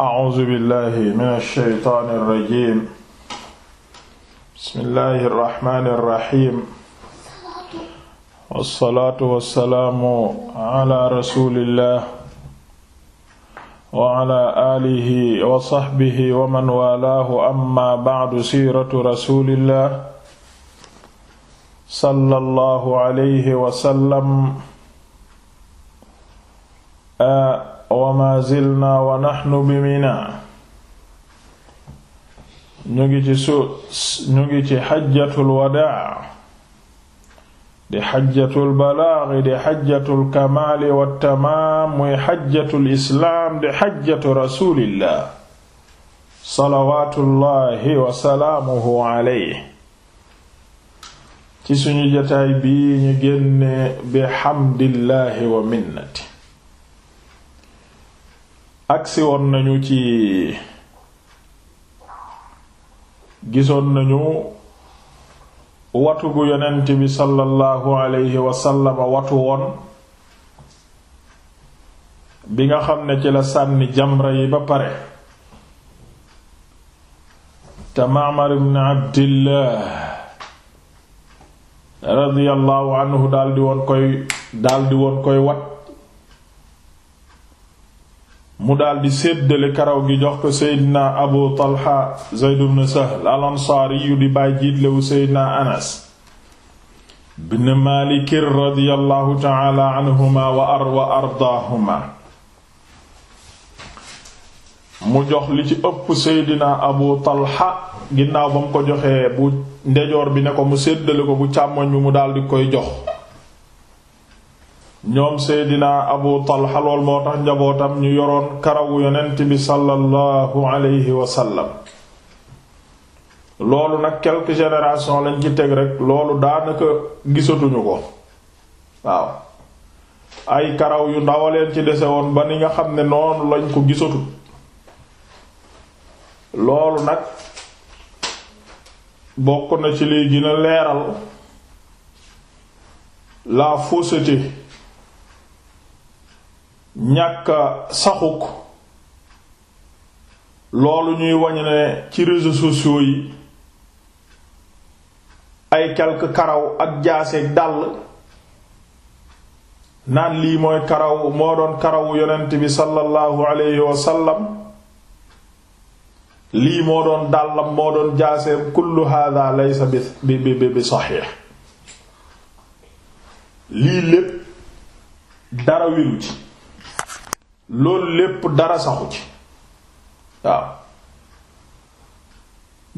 A'uuzu billahi mina shaytaani rajiim. Bismillahi rahmaani rahiim. Wassalaatu wassalaamu ala rasuulillah wa ala aalihi wa sahbihi wa man waalaahu amma ba'du siiratu rasuulillah sallallahu alayhi wa sallam. Ah, wa zilna wa nahnu bi Mina ñu ngi ci su ñu ngi ci xajjatul wadaa di xajjatul balaag di xajjatul kamaal wa tamaam muy xajjatul islaam di xajjatu rasuulillah salawaatullahi wa salaamuhu alayhi ci suñu jotaay bii ñu génne bi xamdillahi wa minnati agsi woon nañu ci gisoon nañu watu gu yonent bi sallallahu alayhi wasallama watu woon bi nga xam ne ci la sànni jamra yi ba pare te Ma'mar ibn Abdillah anhu daldi woon woon koy wat mu daldi séddale karaw gi jox ko seydina abu talha zayd ibn sahl al ansaari yu di bàyy jiitlewu seydina anas ibn maalik radiyallahu taala anhuma wa ar wa ardaahuma mu jox li ci ëpp seydina abu talha ginnaaw ba mu ko joxee bu ndejoor bi ne ko mu séddale ko bu càmmoñ bi mu daldi koy jox ñoom seydina abu talha lool moo tax njabootam ñu yoroon karaw yonent bi sallallahu alayhi wa sallam loolu nag quelques générations lañ ci teg rek loolu daanaka gisatuñu ko waaw ay karaw yu ndaw ci dese woon ba ni nga xam ne noonu lañ ko gisatu loolu nag bokk na ci liy gën leeral la fausseté ñàkk saxuk loolu ñuy wañ ne ci réseaux sociaux yi ay quelque karaw ak jaaseeg dàll naan lii mooy karaw moo doon karawu yonent bi sallallahu alayhi wa lii moo doon dàllam moo doon jaaseem kullu hada laysa bi bi bi saxiix lii lépp dara wiru ci loolu lépp dara saxu ci waaw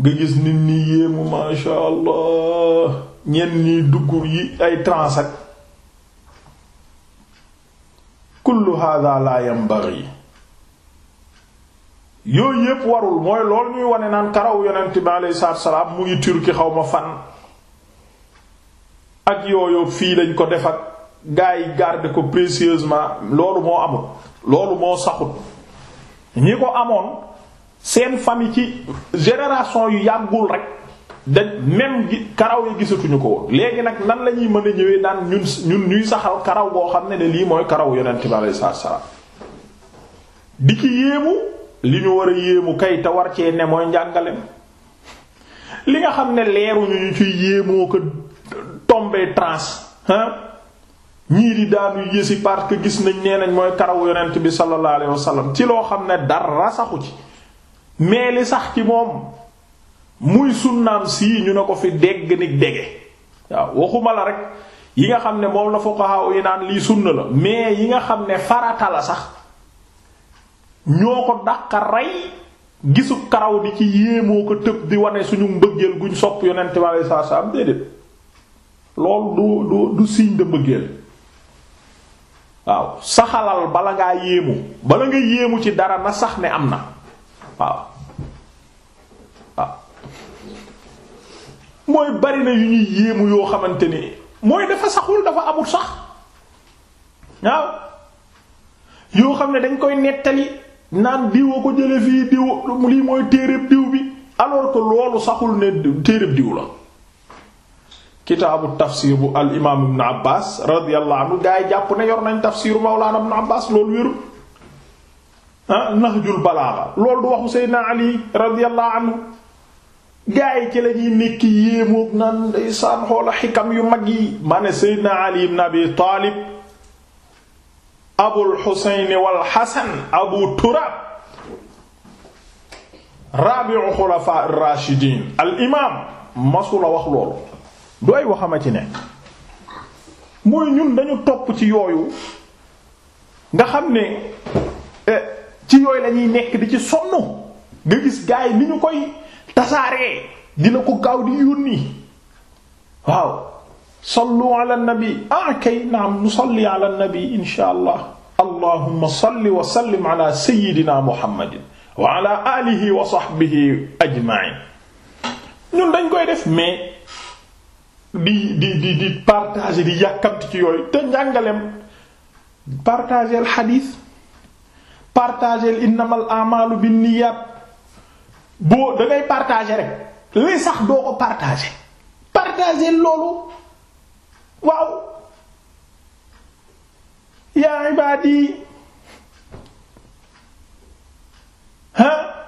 nga gis nit ñi yéemu masha allah ñenn ñi dugg yi ay transe ak kullu hada la yooyu yépp warul mooy lool ñuy wane naan karaw yonent bi alayhi salaatu salaam mu ngi turki xaw ma fan ak yooyu fii lañ ko def ak gaa yi garder ko précieusement loolu moo amul loolu moo saxut ñi ko amoon seen famille ci génération yu yàggul rek da gi karaw yi gisatuñu ko woon léegi nag nan la ñuy mën a ñëwee daan ñun ñun ñuy saxal karaw boo xam ne ne lii mooy karaw yonent bi alayhi salaam di ci yéemu li ñu war a yéemu kay te war cee ne mooy njàngaleem li nga xam ne leeru ñu ci yéemoo ko tombé trans hein ñii di daanu yësi parce que gis nañ nee nañ mooy karawu yonent bi sallallahu alayhi wasallam ci loo xam ne dara saxu ci mais li sax ci moom muy sunnaam sii ñu ne ko fi dégg ni dege waaw waxuma la rek yi nga xam ne moom la fuqaha yi naan lii sunna la mais yi nga xam ne farata la sax ñoo ko dàqa rey gisu karaw di ci yéemoo ko tëb di wane suñu mbëggeel guñ sopp yonent bi sallallahu alayhi wasallam déedéet loolu du du du signe mbëggeel waaw saxalal bala ngaa yéemu bala nga yéemu ci dara na sax ne am na waaw mooy bari na yu ñuy yéemu yoo xamante ne mooy dafa saxul dafa amul sax waaw yoo xam ne dañ koy nettali naan diw ko jële fii diw lii mooy téereeb diw bi alors ko loolu saxul ne téereeb diw la kitaabu tafsir bu al imaam ibn Abbas radiyallahu anhu gaa yi jàpp ne yor nañ tafsiru Mawlana ibn Abbas loolu wérul ah Nahjul Balaaga du waxu Seydina Ali radiyallahu anhu gaa yi ci la ñuy nekk yéemoog xikam yu mag yi. ma Ali ibn Abi Taalib Abul Xuseyn wal Xasan Abu Turaab raabi'u xulafaa ar-raashidiin al masula wax loolu. du ay waxama ci ne mooy ñun dañu topp ci yooyu nga xam ne eh, ci yooyu lañuy nekk di ci sonn nga gis gaay yi ñu koy tasaaree dina ko gaaw di yónni waaw sallu ala nabi ah kay naam nusalli ala nabi insha allah allahumma salli wa sallim ala sayyidina muhammadin wa ala wa sahbihi ajma'in ñun dañ koy def mais di di di di partager di yàkkamti ci yooyu te njàngaleem partageel xadiis partageel innamal amalu binniyat boo da ngay rek li sax doo ko partager partageel loolu waaw yaa ibaadi ha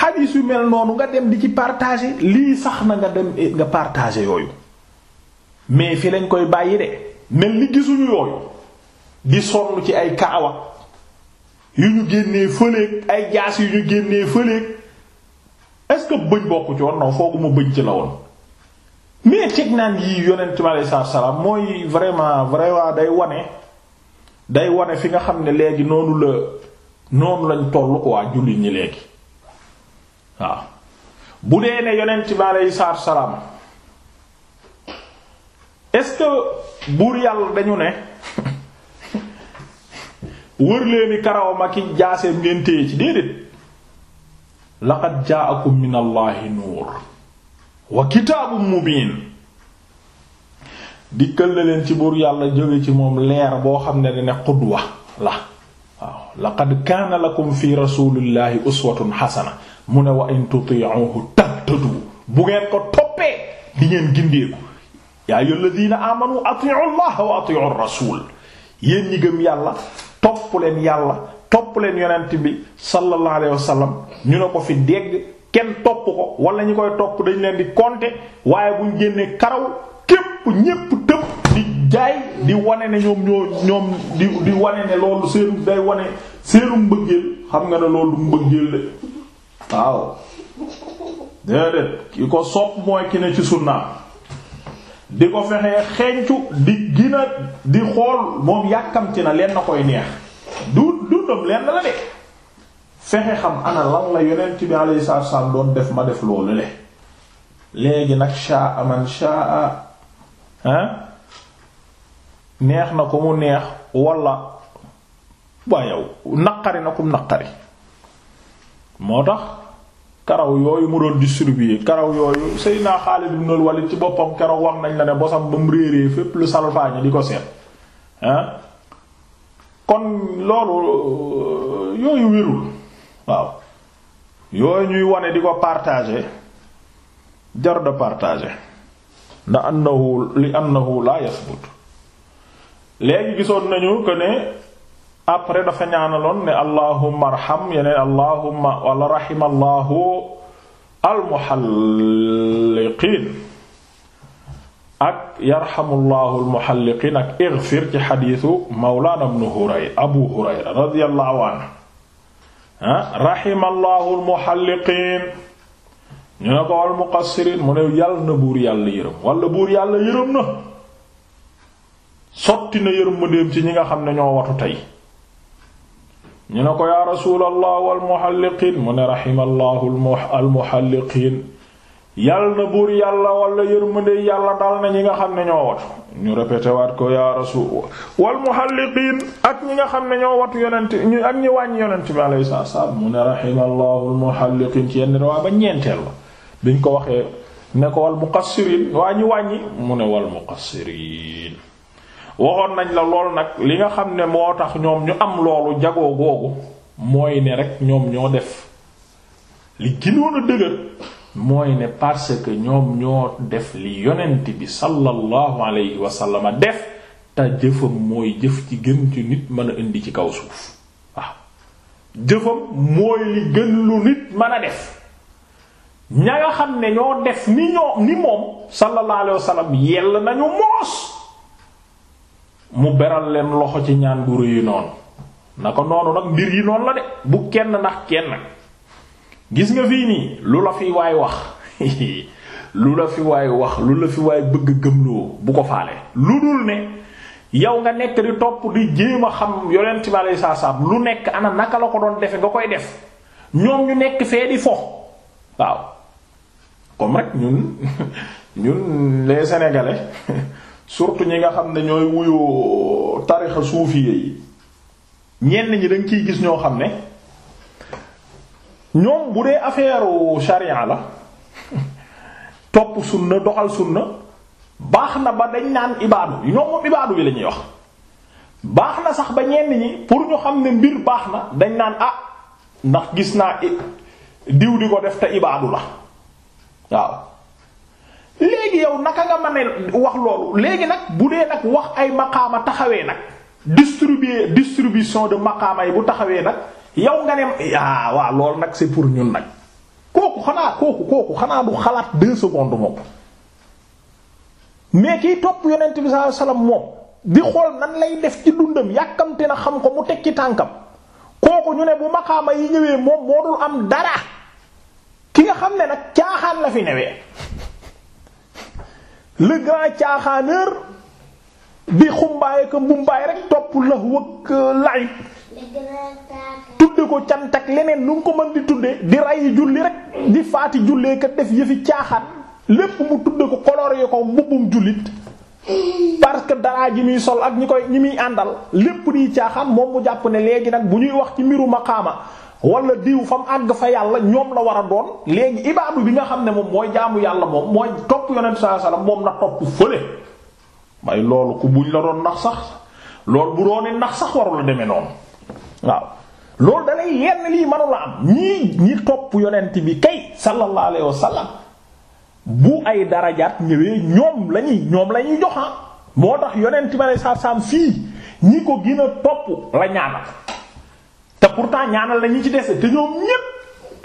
xadiis yu mel noonu nga dem di ci partager lii sax na nga dem eh, nga partager yooyu mais fi lañ koy bàyyi de mel ni gisuñu yooyu di sonn ci ay kaawa yu ñu génnee fëleeg ay jaas yu ñu génnee fëleeg est-ce que bëñ bokku ci woon non foogu ma bëñ ci la woon mais teg naan yi yonent mi aleyhi salaatu salaam mooy vraiment vraiment day wane day wane fi nga xam ne léegi noonu la noonu lañ toll quoi jullit ñi léegi waaw bu dee ne yonent bi aleyhi salaatu salaam est-ce que buur yàlla dañu ne wër leeni karawam ak i jaaseem ngeen téye ci déedéet laqad ja'akum min allahi nuur wa kitaabun mubiin dikkal na leen ci buur yàlla jóge ci moom leer boo xam ne dane qudwa la waaw laqad kaana lakum fi rasulillahi uswatun xasana mu ne wa in tuti'uhu tahtadu bu ngeen ko toppee di ngeen gindeeku yaa ayyuhal ladina amanu ati'u allaha wa ati'u ar-rasul yéen ñi gëm yàlla topp leen yàlla topp leen yonent bi sallallahu alayhi wa sallam ñu ne ko fi dégg kenn topp ko wala ñi koy topp dañ leen di compter waaye buñ génnee karaw képp ñépp tëb di jaay di wane ne ñoom ñoo ñoom di di wane ne loolu seenu day wane seenu mbëggeel xam nga ne loolu mbëggeel la waaw déedéet ki ko sopp mooy ki ne ci sunnaam di ko fexee xencu di gina di xool moom yàkkamti na leen na koy neex du dundam leen la de fexe xam ana lan la yonent bi alayhi salaatu wasallam doon def ma def loolu le léegi nag shaa man shaa ah neex na ko mu neex wala waa yow naqari na ko naqari moo tax karaw yooyu mu doon distribuer karaw yooyu Seydina Xaalid ibn Walid ci boppam keroog wax nañ la ne bosam ba mu réeree fépp lu salfaañe di ko seet ah. kon loolu euh, yooyu wérul waaw yooyu ñuy wane di ko partager jar de partager ndax annahu li annahu la yasbut léegi gisoon nañu ko ne après dafa ñaanaloon ne allahumma arham yeneen allahumma wala rahimallahu almuhalliqiin ak yarhamullahu almuhalliqiin ak igfir ci xadiisu mawlaana ibnu hurayra abu hurayra radiyallahu anhu rahimallahu almuhalliqiin ne ko almuqassiriin mu ne yàlla na buur yàlla yërëm wala buur yàlla yërëm na sotti na yërëm ma dem ci ñi nga xam ne ñoo watu tey ñu ne ko yaa rasuulallah wal muhalliqiin mu ne raximallahu al muhalliqiin yal na buur yàlla wala yërmande yàlla daal na ñi nga xam ne ñoo watu ñu répété waat ko yaa rasuul wal muhalliqiin ak ñi nga xam ne ñoo watu yonent ñu ak ñi wàññi yonent bi alayhi salaatu salaam mu ne raximallahu al muhalliqiin ci yenn waa ba ñeenteel la biñ ko waxee ne ko wal muqassiriin waa ñi wàññi mu ne wal muqassiriin waxoon nañ la lool nag li nga xam ne moo tax ñoom ñu am loolu jagoo googu mooy ne rek ñoom ñoo def li gënoon a dëgër mooy ne parce que ñoom ñoo def li yonent bi sallallahu alayhi wa sallam def te jëfam mooy jëf ci gën ci nit mën a indi ci kaw suuf waaw jëfam mooy li gën lu nit mën a def ña nga xam ne ñoo def ni ñoo ni moom sallallahu alayhi wa sallam nañu moos mu beral leen loxo ci ñaan gu yi noonu na ko noonu nag mbir yi noonu la de bu kenn ndax kenn gis nga fii nii lu la fi waay wax lu la fi waay wax lu la fi waay bëgg gëmloo bu ko faale lu dul ne yow nga nekk di topp di jéem a xam yonent bi alei saa salam lu nekk ana naka la ko doon defe nga koy def ñoom ñu nekk fee di fo waaw comme rek ñun ñun les sénégalais surtout ñi nga xam ne ñooy wuyu tarixa suufiye yi ñenn ñi dañ kiy gis ñoo xam ne ñoom bu dee affaire charia la topp sunna doxal sunna baax na ba dañ naan ibaadu yi ñoom moom ibaadu yi lañuy wax baax na sax ba ñenn ñi pour ñu xam ne mbir baax na dañ naan ah ndax gis naa diw di ko def te ibaadu la waaw léegi yow naka nga ma a wax loolu léegi nag bu dee nag wax ay maqaama taxawee nag distribu distribution de maqaama yi bu taxawee nag yow nga ne ah waaw loolu nag c'est pour ñun nag kooku xanaa kooku kooku xanaa du xalaat deux secondes moom mais kiy topp yonent bi sallallahu alayhi wasallam moom di xool nan lay def ci dundam yàkkamte na xam ko mu teg ci tànkam kooku ñu ne bu maqaama yi ñëwee moom moo dul am dara ki nga xam ne nag caaxaan la fi newee. le grand caaxaaneur di xumbaay ko mbumbaay rek topp la wëkk lay ko cant ak leneen nu ngi ko mën di tudde di rayi julli rek di faati jullee ka def yëfi caaxaan lépp mu tudde ko coloré ko mbubbum jullit parce que dara ji muy sol ak ñi koy ñi muy àndal lépp di caaxaan moom mu jàpp ne léegi nag bu ñuy wax ci mbiru maqaama wala diw fam àgg fa yàlla ñoom la war a doon léegi ibaadu bi nga xam ne moom mooy jaamu yàlla moom mooy topp yonent sallallahu alayhi moom na topp fële may loolu ku buñ sax loolu bu doonee nax demee noonu waaw loolu dalay yenn lii mënu am ñii ñi topp yonent bi kay sallallahu alayhi bu ay darajaat ñëwee ñoom lañuy ñoom lañuy joxa ah. moo tax yonent bi alayhi salaam fii ñi ko gën topp la ñaanal pourtant ñaanal na ñi ci dese te ñoom ñépp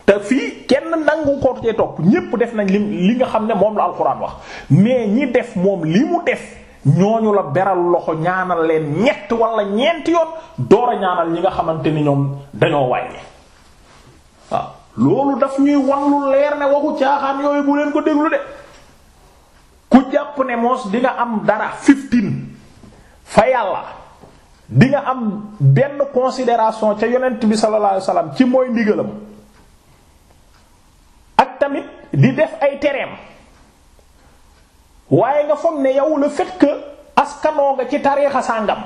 te fii kenn nangu ko cee topp ñépp def nañ li li nga xam ne moom la alxuraan wax mais ñi def moom li mu def ñooñu la beral loxo ñaanal leen ñett wala ñeenti yoon door ñaanal ñi nga xamante ni ñoom dañoo wàññi waaw loolu daf ñuy wan leer ne waxu caaxaan yooyu bu leen ko déglu de ku jàpp ne moos dinga am dara fifteen fa yàlla di nga am benn consideration ca yonent bi sallallahu alayhi ci mooy ndigalam ak tamit di def ay tereem waaye nga foog ne yow la fait que askanoo nga ci tariixa sàngam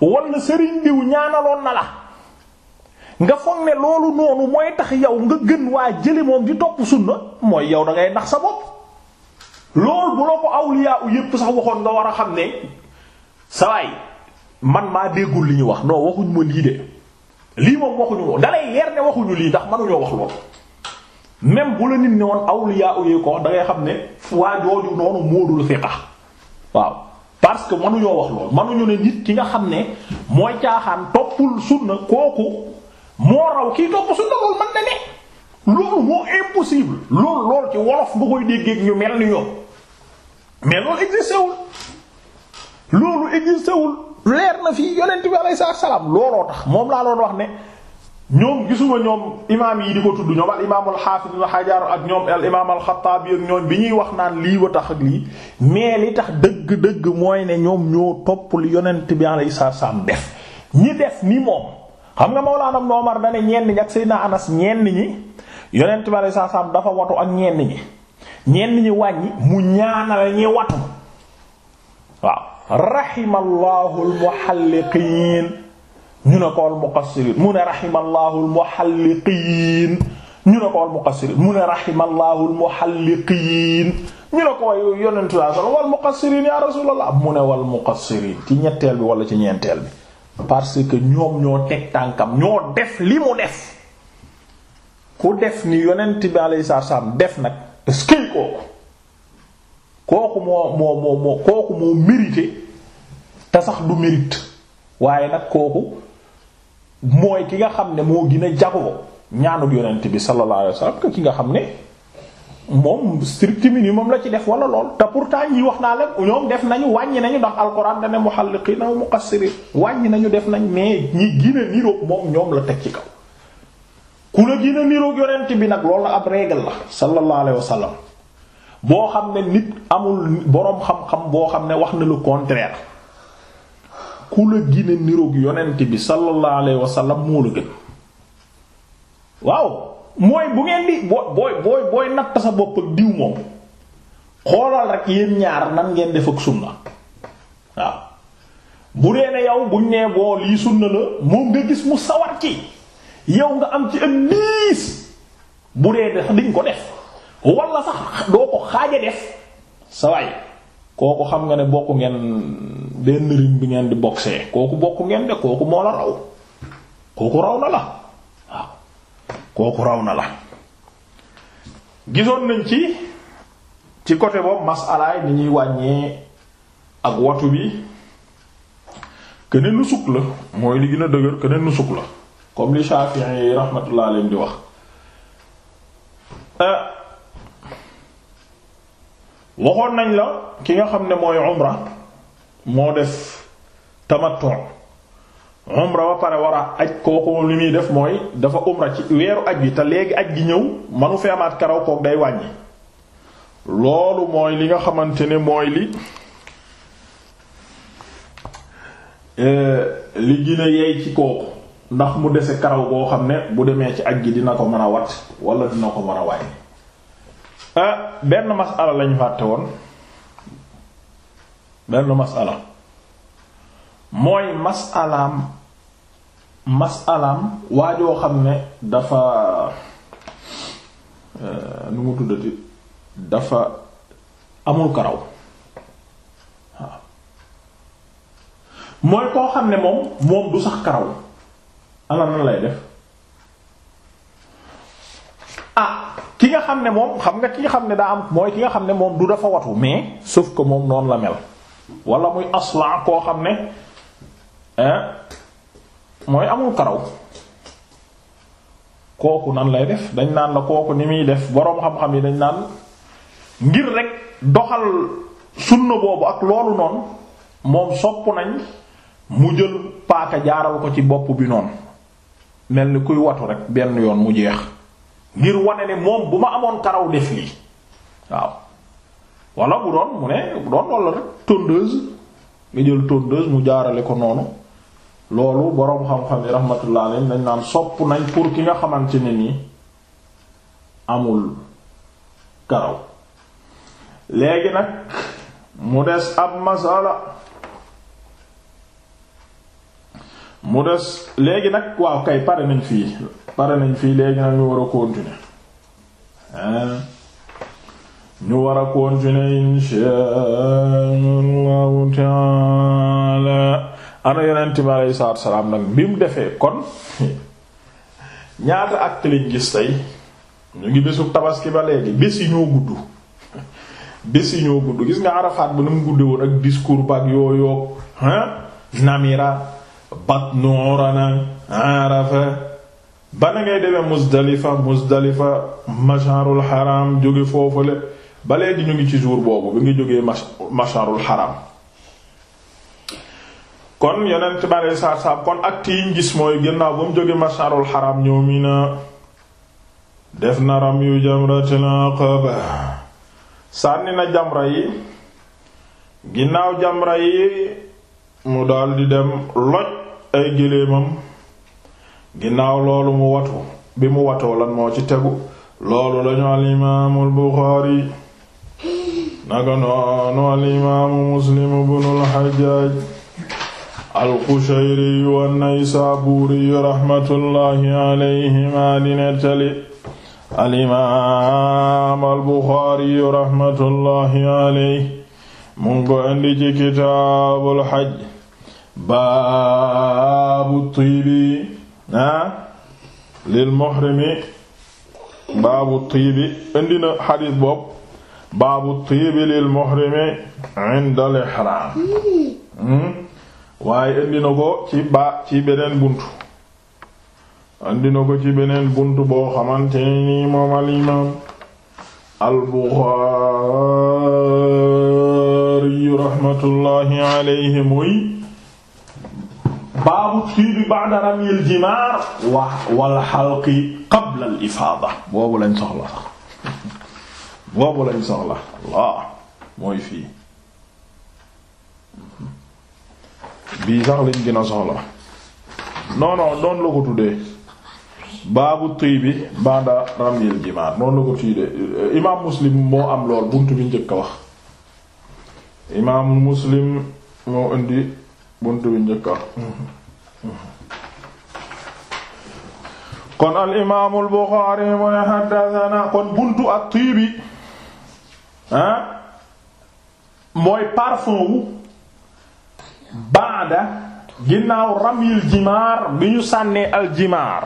wala sëriñ diw ñaanaloon na la nga foog ne loolu noonu mooy tax yow nga gën waa jëli moom di topp sunna mooy yow da ngay ndax sa bopp loolu bu la ko awliya u sax waxoon nga war a xam ne sawaay man maa déggul li ñu wax non waxuñ ma lii de lii moom waxuñu ko dalay leer ne waxuñu lii ndax mënuñoo wax lool même bu la nit ne woon awliya uyu ko da ngay xam ne waa jooju noonu moodul fiqa waaw parce que mënuñoo wax lool mënuñu ne nit ki nga xam ne mooy caaxaan toppul sunna kooku moo raw kii topp sunna loolu man na ne loolu moo impossible loolu loolu ci wolof nga koy déggeeg ñu mel ni ñoom mais loolu existé wul loolu existé wul leer na fii yonent bi alayhi salaam looloo tax moom laa doon wax ne ñoom gisuma ñoom imaam yi di ko tudd ñoom al imaam al xaafis ibn Hajar ak ñoom al imaam al Xattaabi ak ñoom bi ñuy wax naan lii wa tax ak lii mais li tax dëgg-dëgg mooy ne ñoom ñoo topp li yonent bi alayhi salaam def ñi def ni moom xam nga Mawlaana Umar da ne ñenn ñi ak Seydina Anas ñenn ñi yonent bi alayhi salaam dafa watu ak ñenn ñi ñenn ñi wàññi mu ñaanal ñi watu waaw. rahimallahu almuhalliqiin ñu ne ko almuqassiriin mu ne rahimallahu almuhalliqiin ñu ne ko almuqassiriin mu ne rahimallahu almuhalliqiin ñu ne ko yonentu Yàlla walmuqassiriin ya rasulallah mu ne walmuqassiriin ci ñetteel bi wala ci ñeenteel bi parce que ñoom ñoo teg tànkam ñoo def li mu def ku def ni yonent bi salaam def nag est-ce kooku kooku moo moo moo kooku moo mérité te sax du mérite waaye nag kooku mooy ki nga xam ne moo gina a jagoo ñaanub yonent bi sallallahu alayhi wasallam que ki nga xam ne moom strict moom la ci def wala lool te pourtant ñi wax naa la ñoom def nañu wàññi nañu ndax alxuraan dana muhalliqiina wa muqassiriin wàññi nañu def nañ mais ñi gën a niroog moom ñoom la teg ci kaw ku la gën a niroog bi nag loolu la ab régal la sallallahu alayhi boo xam ne nit amul boroom xam-xam boo xam ne wax na lu contraire ku la gine niroog yonent bi sallallahu alayhi wa sallam moo la gën waaw mooy bu ngeen di boo booy booy booy sa bopp ak diw moom xoolal rek yéen ñaar nan ngeen def ak sunna waaw bu dee ne yow buñ nee boo lii sunna la moom nga gis mu sawar ci yow nga am ci ëpp diis bu dee sax diñ ko def. wala sax doo ko xaaja def sa waay kooku xam nga ne bokk ngeen benn rim bi ngeen di boxee kooku bokk ngeen de kooku moo la raw kooku raw na la waaw kooku raw na la gisoon nañ ci ci côté boobu masalaay ni ñuy wàññee ak watu bi këne nusuk la mooy li gën a dëgër këne nusuk la comme li Shafi'i rahmatullah alayhi di wax euh, waxoon nañ la ki nga xam ne mooy umra moo def tamattu umra ba pare war a aj kooku moom li muy def mooy dafa umra ci weeru aj bi te léegi aj gi ñëw manu feemaat amaat karaw kook day wàññi loolu mooy li nga xamante ne mooy li eh, li gën yeey ci kooku ndax mu dese karaw boo xam ne bu demee ci aj gi dina ko mën a wat wala dina ko mën a wàññi Ah, benn masala lañu fàtte woon benn masala mooy masalaam masalaam waajoo xam ne dafa euh, nu mu tuddati dafa amul karaw waaw mooy koo xam ne moom moom du sax karaw ala lay def ah ki nga xam ne moom xam nga ki nga xam ne daa am mooy ki nga xam ne moom du dafa watu mais sauf ko moom noonu la mel wala muy aslan koo xam ne mooy amul karaw kooku nan lay def dañ naan la kooku ni muy def boroom xam-xam yi dañ naan ngir rek doxal sunna boobu ak loolu noonu moom sopp nañ mu jël paaka jaaral ko ci bopp bi noonu mel ni kuy watu rek benn yoon mu jeex ngir wane ne moom bu ma amoon karaw def lii waaw wala bu doon mu ne bu doon wala rek tondeuse nga jël tondeuse mu jaarale ko noonu loolu boroom xam-xam yi rahmatullah naan sopp nañ pour ki nga xamante ne nii amul karaw léegi nag mu des ab masala mu des léegi nag waaw kay pare nañ fii pare nañ fii léegi nag ñu war a continuer ñu war a continuer inshaa Allahu ana yonent bi aleyhi salaatu salaam nag bi mu defee kon ñaata at lañ gis tey ñu ngi bésu tabaski ba léegi bés yi ñoo gudd bés yi ñoo gudd gis nga Arafat ba nu mu guddee woon ak discours ba yooyu hein Namira Batnu Urana Arafa ba na ngay demee Muzdalifa Muzdalifa masharul haram jóge foofule ba léegi ñu ngi ci jour boobu bi nga jógee masharul haram kon yonent bale saar saab kon acte yi gis mooy ginnaaw ba mu jóge masharul haram ñëw mi na def na ram yu jamratul aqaba sànni na jamra yi ginnaaw jamra yi mu daldi dem loj ay géléemam ginnaaw loolu mu watu lan moo ci tegu loolu lañu al imaamu al buxaari muslim ibnu al xajaaj al qushayri wa naysaabuuri raxmatullaahi nettali al imaam al buxaari raxmatullaahi alayhi mu ngi ko indi baabu tiibi ah lil muhrimi baabu tiibi indi na xadis baabu tiibi lil muhrimi inda al hmm? waaye indi ko ci ci beneen buntu indi na ko ci beneen buntu boo xamante ne nii al Buxaari rahmatullahi alayhi muy baabu tiibi ba'da ramyil jimaar wa wal halqi qabla al ifaada boobu lañ soxla sax boobu lañ soxla Allah mooy fii bii sax lañ gën soxla non non noonu la ko tuddee baabu tiibi ba'da ramyil jimaar noonu la ko imaam Muslim moo am lool buntu bi njëkk a wax imaam Muslim moo indi buntu bi njëkk kon al imaamul Buxaari mu ne kon buntu ak tiibi ah, mooy parfum wu baada ginnaaw ramil jimaar bi ñu sànnee al jimaar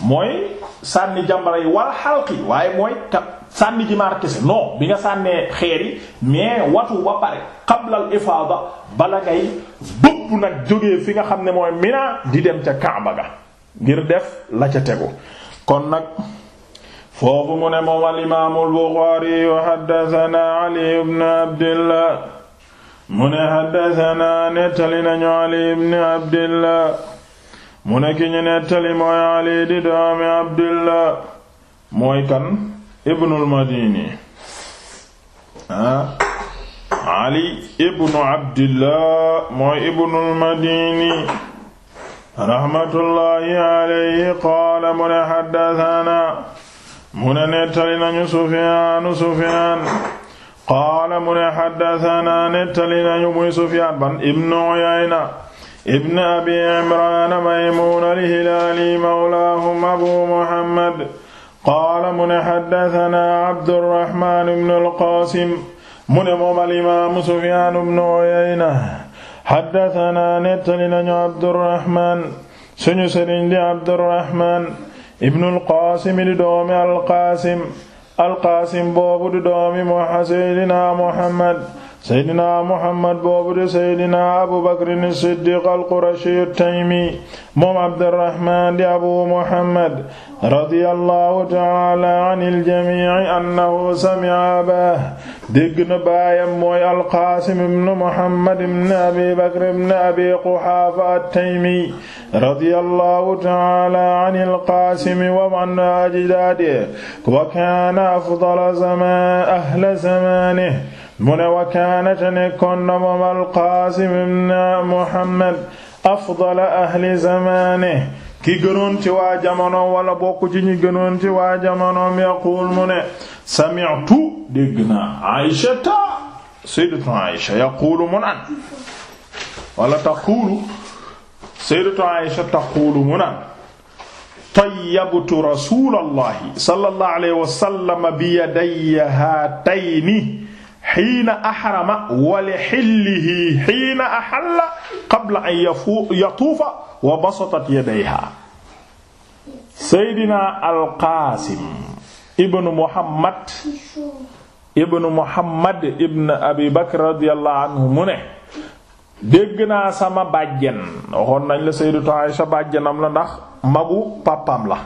mooy sànni jamra yi wal xalqi waaye mooy tap sànni ji maar kese non bi nga sànnee xeer yi mais watu ba pare qablal ifaada bala ngay bëpp nag jógee fi nga xam ne mooy Mina di dem ca Kaaba ga ngir def la ca tegu kon nag foofu mu ne moom al imaamu al Buxaari wa haddathana Ali ibn Abdillah mu ne haddathana nettali nañu Ali ibn Abdillah mu ne ki ñu nettali mooy Ali di doomi Abdillah mooy kan ibnul madini ah ali ibnu abdillah mooy ibnul madini rahmatullahi alayhi qaala mu ne haddathana mu ne nettali nañu sufiaanu sufiaan qaala mu ne haddathana nettali nañu muy sufiaan ban ibnu uyayna ibnu abi imraan maymuun al-hilaali mawlaahum abu muhammad qaala mu ne xaddatanaa abdurahman ibnu alqaasim mu ne moom alimaamu sufyaan ibnu uyayna xaddatanaa nettali nañu abdurahman suñu sëriñ di abdurahman ibnu alqaasim di doomi alqaasim alqaasim boobu di doomi mu seydinaa muhammad seydina muhammad boobu de seydina abu bakrin siddiq al-qurashi taymi moom abdirahman di abu muhammad radiyallahu taala an iljamici annahu samica abah dégg na baayam mooy alqaasim ibn muhammad ibn abi bakr ibn abi quhaafa at-taymi radiyallahu taala an alqaasim wa an ajdaadihi wa kaana afdala ahli zamaanihi mu ne wa kaana te nekkoon na moom alqaasim ibn muhammad afdala ahli zamaane ki gënoon ci waa jamonoom wala bokk ci ñi gënoon ci waa jamonoom yaquul mu ne sami'tu dégg naa aishata sayyidatu aisha yaquulu mu naan wala taquulu sayyidatu aisha taquulu mu naan tayyabtu rasulallahi sallallahu alayhi wa sallam bi yadayya haatayni xiina axrama wa li xillihi xiina axalla qabla an yatuufa wa basatat yadayha seydina alqaasim ibnu muhammad ibnu muhammad ibnu abi bakr radiyallahu anhu mu ne dégg naa sama bàjjen waxoon nañ la sayyidatu Aisha bàjjenam la ndax magu pàppam la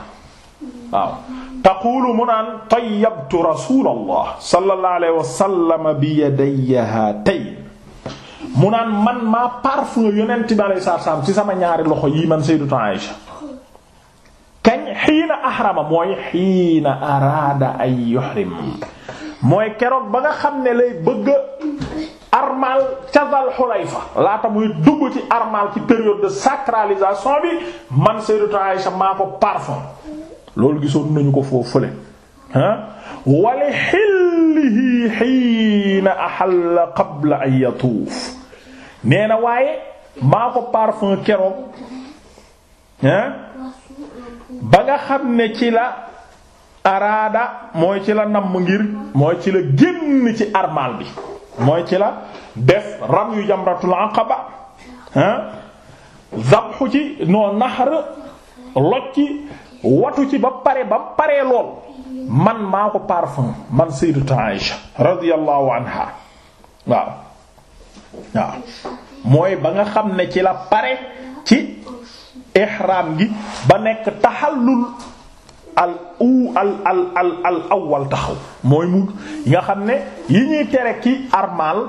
waaw taqulu mu naan tayyabtu rasulallah sallallahu alayhi wa sallam bi yadayya haatayn mu naan man maa parfum yonent bi alayhi salaam ci sama ñaari loxo yi man sayyidatu Aïsha kañ xiina ahrama mooy xiina araada ay yuhrim mooy keroog ba nga xam ne lay bëgg armal ca Dal Xulayfa laata muy dugg ci armal ci période de sacralisation bi man sayyidatu Aïsha maa ko parfum loolu gisoon nañu ko foofu fële ah wali xillihi xiina la qabla an yatuuf nee na waaye maa ko parfum keroog ba nga xam ne ci la araada mooy ci la namm ngir mooy ci la génn ci armal bi mooy ci la def ram yu jamratul aqaba zabxu ci noo naxar locci watu ci ba pare ba paree lool man maa ko parfum man sayyidatu Aïsha radiyallahu anha waaw waaw mooy ba nga xam ne ci la pare ci ihram gi ba nekk tahallul al u al al al al awwal taxaw mooy mu nga xam ne yi ñuy tere ki armal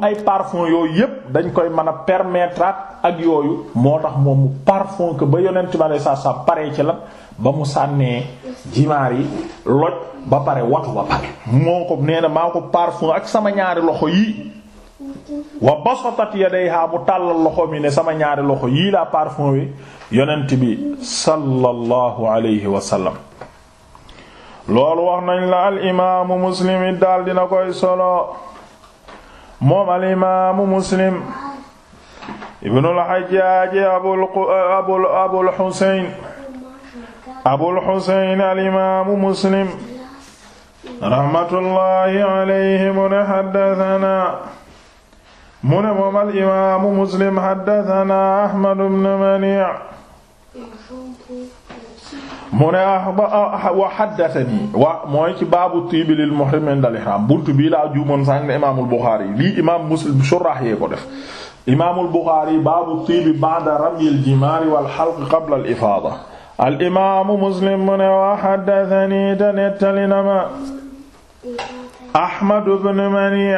moom ay parfum yooyu yépp dañ koy mën a permettre ak yooyu moo tax moom mu parfum ko ba yonent bi aleyhi salaatu paree ci la ba mu sànnee jimaar yi loj ba pare watu ba pare moo ko nee maa ko parfum ak sama ñaari loxo yii wa basatat yadayha mu tàllal loxo mi ne sama ñaari loxo yii laa parfum wi yonent bi sallallahu alayhi wa loolu wax nañ la al imaamu muslim it daal dina koy solo moom alimaamu muslim ibnul hajjaaj abul abul abul xuseyn abul xuseyn alimaamu muslim rahmatullahi alayhi mu ne haddasanaa mu ne moom alimaamu muslim haddasanaa ahmad ibn mani' mu ne ah, ah, ah, wa haddathani wa mooy ci baabu tiibi lil muhrim indal ihram buntu bii laa juumoon sànq ne imaamul Buxaari lii imaam Muslim shurrax yee ko def. imaamul Buxaari baabu tiibi ba'da ramyil jimaari wal halq qabla al ifaada. al imaamu Muslim mu ne wa haddathani te nettali na ma. Ahmad ibn Mani'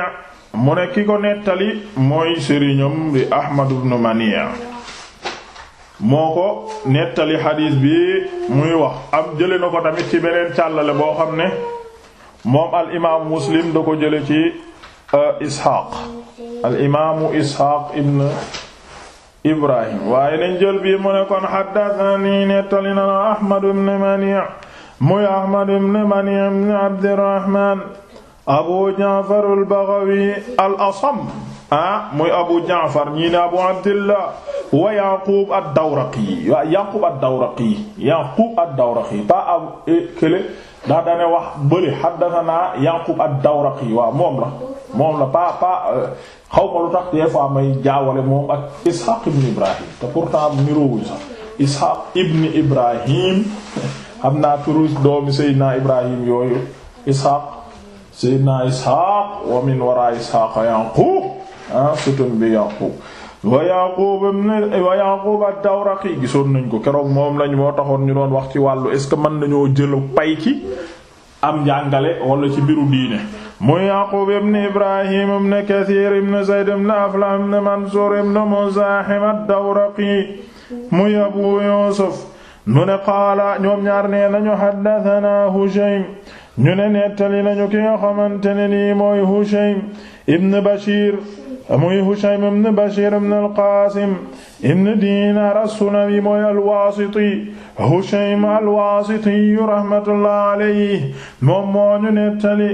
mu ne ki ko nettali mooy sëriñam bi Ahmad ibn Mani' moo ko nettali xadiis bi muy wax am jële na ko tamit ci beneen càllale boo xam ne moom al imaamu muslim da ko jële ci euh, isxaaq al imaamu isxaaq ibn ibrahim waaye nañ jël bii mo ne kon xaddatani nettali na ahmad ibn mani muy ahmad ibn mani ibn abdirahman abu jaafar al baghawi al asam ah muy abu jaafar ñii ne abu abdillah wa yaqub ad-dawraqi wa yaqub ad-dawraqi yaqub abu eh, kële daa dane wax bële haddathana yaqub ad-dawraqi waaw moom la moom la pa pa eh, xaw ma lu tax des fois may jaawale moom ak ishaq ibn ibrahim te pourtant niroowuñ ishaq ibn ibrahim xam naa turu doomi ibrahim yooyu ishaq seydina ishaq wa min wara ishaq yaqub ah sëtëm bi Yaqub wa Yaqub wa Yaqub ad gisoon nañ ko keroog moom lañ moo taxoon ñu doon wax ci wàllu est-ce que mën nañoo jël pay ci am njàngale wala ci mbiru diine mu Yaqub ibn Ibrahim ibn Kathir ibn Zayd ibn Aflah ibn Mansur ibn Muzahim ad muy Abu Yusuf mu ne qaala ñoom ñaar nee nañu haddathana Hushaym ñu ne nettali nañu ki nii mooy Hushaym ibn Bashir muy Hushaym ibn Bashir ibn al-Qasim ibn dinar as-sulami mooy al-wasiti hushaym al-wasiti rahmatullah alayhi moom moo ñu nettali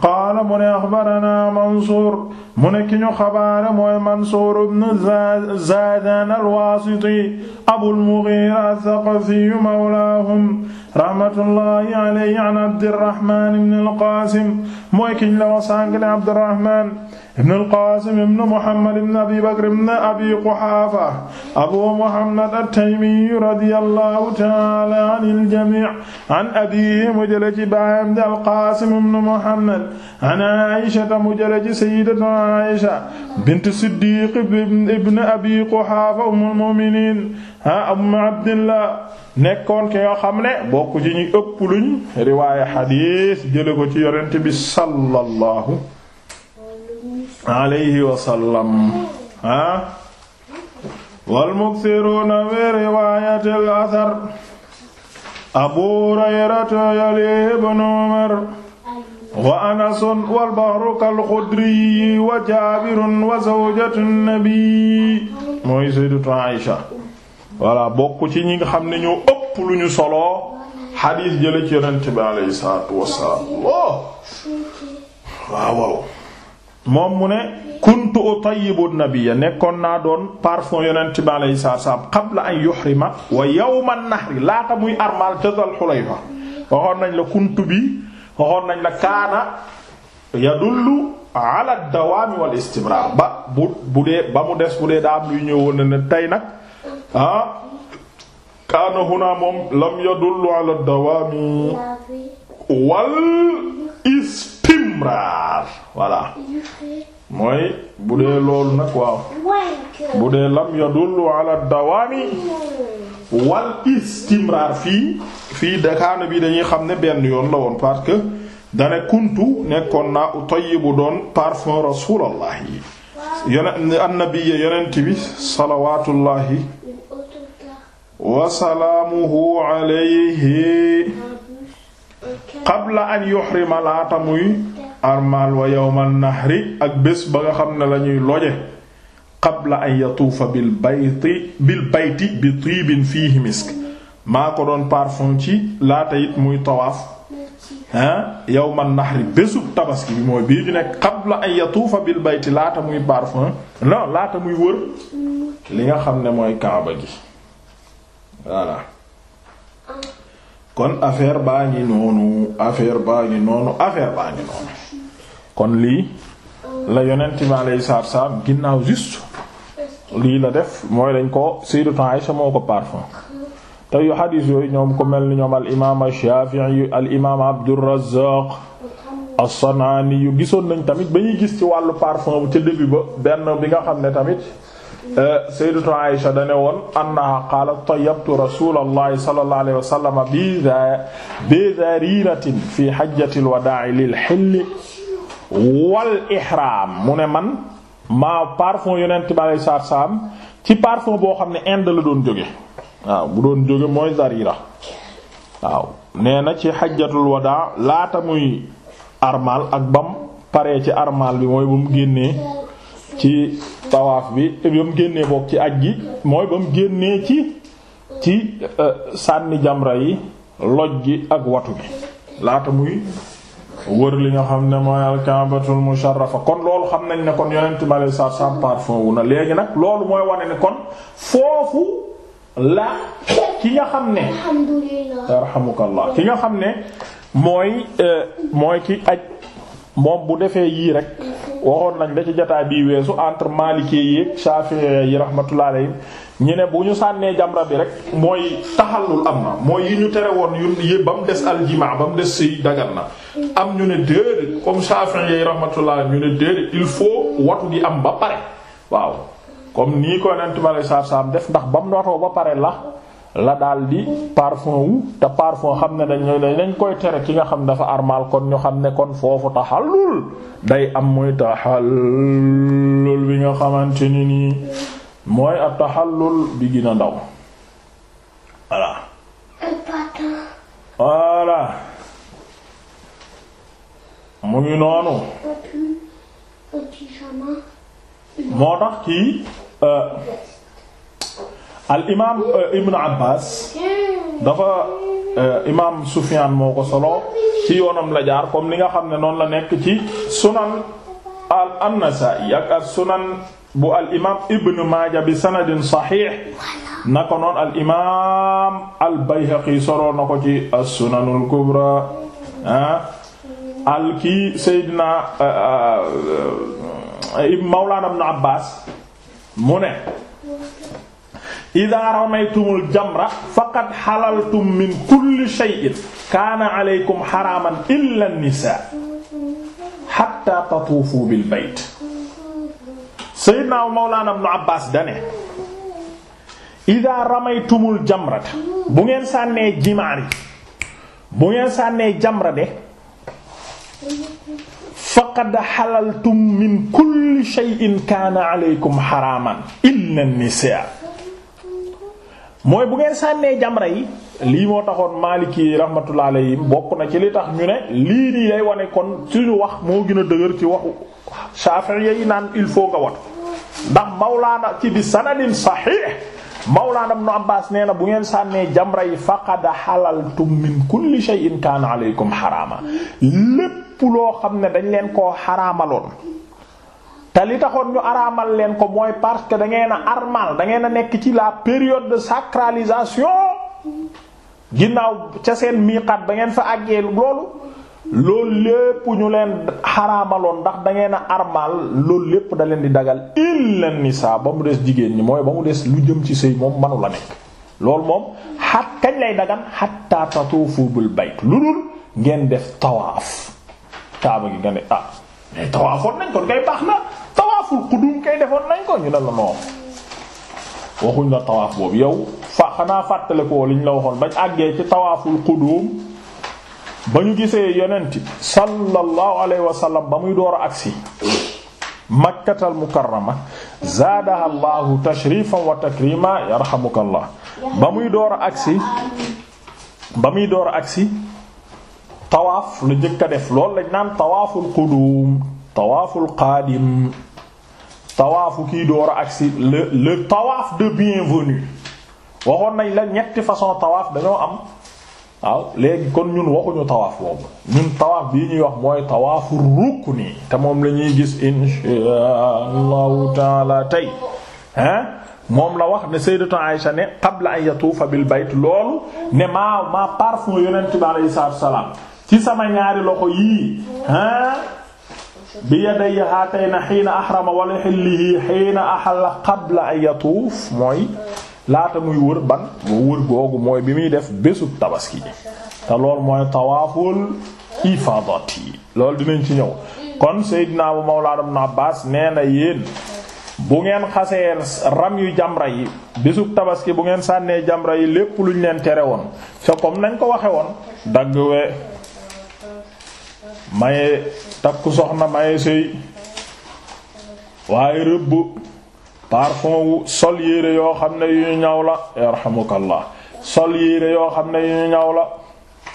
qaala mu ne axbarana mansuur mu ne ki ñu xabaare mooy mansuur ibn zaadan al-wasiti abul mughira ath-thaqafi mawlaahum rahmatullahi alayhi an abdirrahman ibn al-qasim mooy ki ñu la wasangale abdirrahman ibn al-Qaasim ibn Muhammad ibn Abi Bakr ibn Abi Quhaafa Abu Muhammad at-Taymi radiyallahu ta'ala anil jamii' an abiihi mu jële ci baayam di al-Qaasim ibn Muhammad an Aisha mu jële ci sayyidatuna Aisha bint Siddiq ibn Abi Quhaafa ummul mu'miniin ah Umm Abdillah nekkoon ki nga xam ne bokk ci ñi ëpp luñ riwaaya xadiis jële ko ci yonent bi sallallahu alayhi wasallam ah walmuksiruuna fi riwaayati bokk ci ñi nga xam ne ñoo ëpp lu ñu solo xadiis jële ci yonent bi alayhi salaatu wassalaam oh! waaw moom mu ne kuntu utayyibu nabiyya nekkoon naa doon parfum yonent bi alayhi salaam qabla an yuhrima wa yawman nahri laata muy armal ca Dul Xulayfa waxoon nañ la kuntu bi waxoon nañ la kaana yadullu ala dawaami wal istimrar ba bu bu dee ba mu des bu dee daa am luy ñëwoon ne tey nag ah kaana huna moom lam yadullu ala dawaami wal istimrar istimraar voilà mooy bu dee loolu nag waaw bu dee lam yadullu ala dawaami hmm. istimraar fii fii dakaana bi dañuy xam ne benn yoon la woon parce que dane kuntu nekkoon naa utayyibu doon parfum rasulallah yi annabiyya bi salawaatullahi wasalaamuhu alayhi qabla an yuhrima laata muy armal wa yawmal nahri ak bés ba nga xam ne lañuy loje qabla an yatuufa bil bayti bil bayti bi tibin fiihi misk maa ko doon parfum ci laata it muy tawaaf ah yawmal nahri bésu tabaski bi mooy bii ñu nekk qabla an yatuufa bil bayti laata muy parfum non laata muy wër li nga xam ne mooy kaaba gi voilà kon affaire baa ngi noonu affaire baa ngi noonu affaire baa ngi noonu kon lii la yonent bi alayhi salaatu salaam ginnaaw juste lii la def mooy dañ ko Sayyidatu Aisha moo ko parfum te yu xadiis yooyu ñoom ko mel ni ñoom al imaam Shaafi'i al imaam Abdurrazzaaq as-Sanaani yu gisoon nañ tamit ba ñuy gis ci wàllu parfum bu ca début ba benn bi nga xam ne tamit euh, Sayyidatu Aisha dane woon annaha qaalat tayyabtu rasuulallahi sallallahu alayhi wa sallam bi zaariratin fi hajjatil wadaa'i lil hilli wal ihram mu ne man maa parfum yonent bi aleyhi salaatu ci parfum boo xam ne Inde la doon jóge waaw bu doon jóge mooy zarira waaw nee na ci xajjatul wadaa laata muy armal ak bam paree ci armal bi mooy ba mu génnee ci tawaaf bi ba mu génnee bokk ci aj gi mooy ba mu génnee ci ci euh, sànni jamra yi loj gi ak watu bi laata muy wër li nga xam ne mooy alkaabatul musharrafa kon loolu xam nañ ne kon yonent bi alei satu salaam parfum na léegi nag loolu mooy wane kon foofu la ki nga xam ne yarhamukallah ki nga xam ne mooy euh, mooy ki aj moom bu defee yii rek waxoon nañ da ci jotaay bii weesu entre maalikee yi ak shafi'i yi rahmatullah alayhi ñu ne bu ñu sànnee jamra bi rek mooy taxallul am na mooy yi ñu tere woon yu ba mu des aljimaa ba mu des sëy dagan na am ñu ne déedéet comme Shafi'i yi rahmatullah ñu ne déedéet il faut watu di am ba pare waaw comme nii koy nent ma lay saab def ndax ba mu watoo ba pare la la daal di parfum wu te parfum xam ne dañ dañ koy tere ki nga xam dafa armal kon ñu xam ne kon foofu taxallul day am muy taxallul bi nga xamante ni nii mooy ab taxallul bi gën a ndaw moo tax kii euh, al imaam euh, Ibn Abbas dafa euh, imaam Sufyaan moo ko solo ci yoonam la jaar comme li nga xam ne noonu la nekk ci sunan al An-Nasaa'i ak sunan. bu al imaam Ibn Maaja bi sanadin saxiix naka noonu al imaam al Bayhaqi soroo na ko ci as-Sunanul Kubra ah al kii Seydina ah, ah, ah, Mawlaana Ibn Abbaas mu ne. idaa ramaytumul jamra faqad xalaltum min kulli shay'in kaana aleykum xaraaman illa an-nisaa xattaa tatuufu bil bayt Seydina Mawlana Ibn Abbas dane ida ramaytumul jamrata bu ngeen sànnee jimaar yi bu ngeen sànnee jamra de faqad xalaltum min kulli shay'in kaana aleykum xaraaman illa nisaa mooy bu ngeen sànnee jamra yi lii moo taxoon Maliki yi rahmatullah bokk na ci li tax ñu ne lii nii day wane kon ñu wax moo gën a dëgër ci waxu Shafi'i yi naan il faut nga wat ndax Mawlaana ci bi sanadin sahih Mawlaana Ibn Abbaas nee bu ngeen sànnee jamra yi faqad halaltum min kulli shay'in kaana aleykum xaraama lépp loo xam ne dañ leen ko xaraamaloon te li taxoon ñu araamal leen ko mooy parce que da ngeen a armal da a nekk ci la période de sacralisation ginnaaw ca seen miiqaat ba ngeen fa àggee loolu loolu lépp ñu leen xaraamaloon ndax da ngeen a armaal loolu lépp da leen di dagal illa nisaa ba mu des jigéen ñi mooy ba mu des lu jëm ci sëy moom manu la nekk loolu moom xat kañ lay dagan xatta tatuufu bil bayt lu dul ngeen def tawaaf taaba gi nga ne ah tawaafoon nañ kon kay baax na tawaaful xudum kay defoon nañ ko ñu ne la noonu waxuñ la tawaaf boobu yow fa xanaa fàttale ko liñ la waxoon bañ àggee ci tawaaful quduum ba ñu gisee yonent sallallahu alayhi wa ba muy door a agsi makkatal mukarrama zaadaha llahu tashrifan wa takrima yarhamukallah ba muy door a agsi ba muy door a agsi tawaaf la njëkk a def loolu lañ naan tawaaful quduum tawaaful qaadim tawaafu kii door a agsi le le tawaaf de bienvenue waxoon nañ la ñetti façon tawaaf dañoo am waaw léegi kon ñun waxuñu tawaaf boobu ñun tawaaf bii ñuy wax mooy tawaafu rukni te moom la ñuy gis inshaa allahu taala tey hein moom la wax ne sayyidatu Aisha ne qabla an yatuufa bil bayt loolu ne maa maa parfum yonent bi alayhi salaatu wa salaam ci sama ñaari loxo yii bi yadayhi haatayna xiina ahrama wala xillihi xiina ahalla la ay yatuuf mooy laata muy wër ban mu wër googu mooy bi muy def bésub tabaski te loolu mooy tawaaful ifaadat yi loolu dinañ ci ñëw kon Seydina bu Mawlaana Ibn Abbaas nee na yéen bu ngeen xasee ram yu jamra yi bésub tabaski bu ngeen sànnee jamra yi lépp luñ leen cere woon te comme nañ ko waxe woon dagg we maye takku soxna maye sëy waaye rëbb parfum sol yére yoo xam ne yu ñu ñaw la yarhamukallah sol yére yoo xam ne yu ñu ñaw la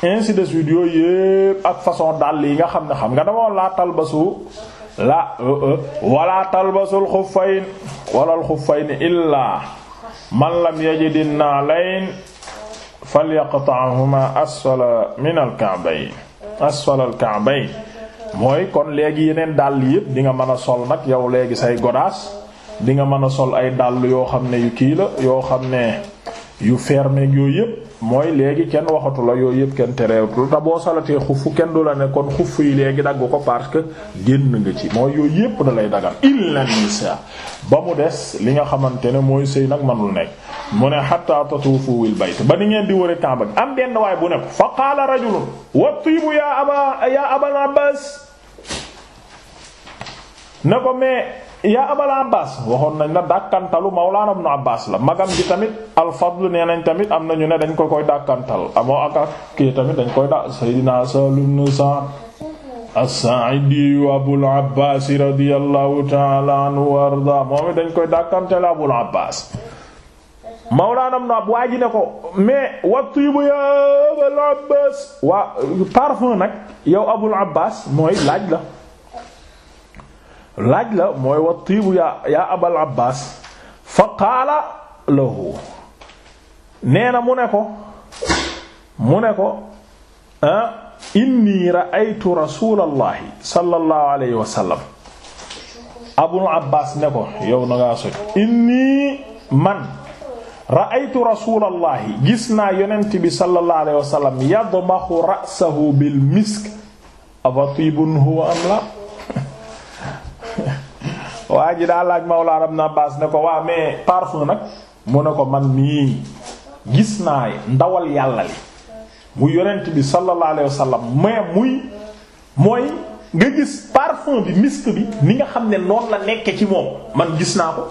ainsi de suite ak façon dàll yi nga xam ne xam nga damoon laa talbasu la euh, euh, wala talbasul xuffayn walal xuffayn illaa man lam yajidin naalayn falyaqta'huma asfala minal ka'bayn asfalal ka'bayn mooy kon léegi yeneen dàll yëpp di nga mën a sol nag yow léegi say godaas di nga mën a sol ay dàll yoo xam ne yu kii la yoo xam ne yu fermé yooyu yëpp mooy léegi kenn waxatu la yooyu yëpp kenn tereetul te boo salatee kenn du la ne kon xuf léegi dagg ko parce que génn nga ci mooy yooyu yëpp da lay dagal illa nisa ba mu des li nga xamante ne mooy sëy nag manul nekk mu ne hatta tatuufu wil bayt ba ni ngeen di wër Kaaba gi am benn waay bu ne ko fa qaala rajulun wa tiibu yaa aba yaa abal Abbaas ko mais yaa abal Abbaas waxoon nañ la dàkkantalu Mawlaana Ibnu Abbaas la magam gi tamit al-Fadl nee nañ tamit am na ñu ne dañ ko koy dàkkantal amoo ak ak kii tamit dañ koy da Seydina Sahl ibn Sa'd as-Saa'idi Abul Abbaas radiyallahu ta'ala anhu wa ardaa moom it dañ koy dàkkantal Abul Mawlaana am na waa ji ne ko mais wattibu ya Abul Abbaas waa parfum nag yow Abul Abbaas mooy laaj la laaj la mooy wattibu ya ya Abul Abbaas fa qaala lahu nee na mu ne ko mu ne ko ah, inni ra'aytu rasuulallahi sallallahu alayhi wa sallam Abul Abbaas ne ko yow na ngaa soj inni man ra'aytu rasulallahi gis naa yonent bi sallallahu alayhi wa sallam yadmaxu ra'sahu bil misk afa tibun huwa am la waa ji daa laaj mawlaana ibn Abbaas ne ko waa mais parfum nag mu ne ko man mii gis naa ndawal yàlla li mu yonent bi sallallahu alayhi wa sallam mais muy mooy nga gis parfum bi misk bi ni nga xam ne noonu la nekke ci moom man gis naa ko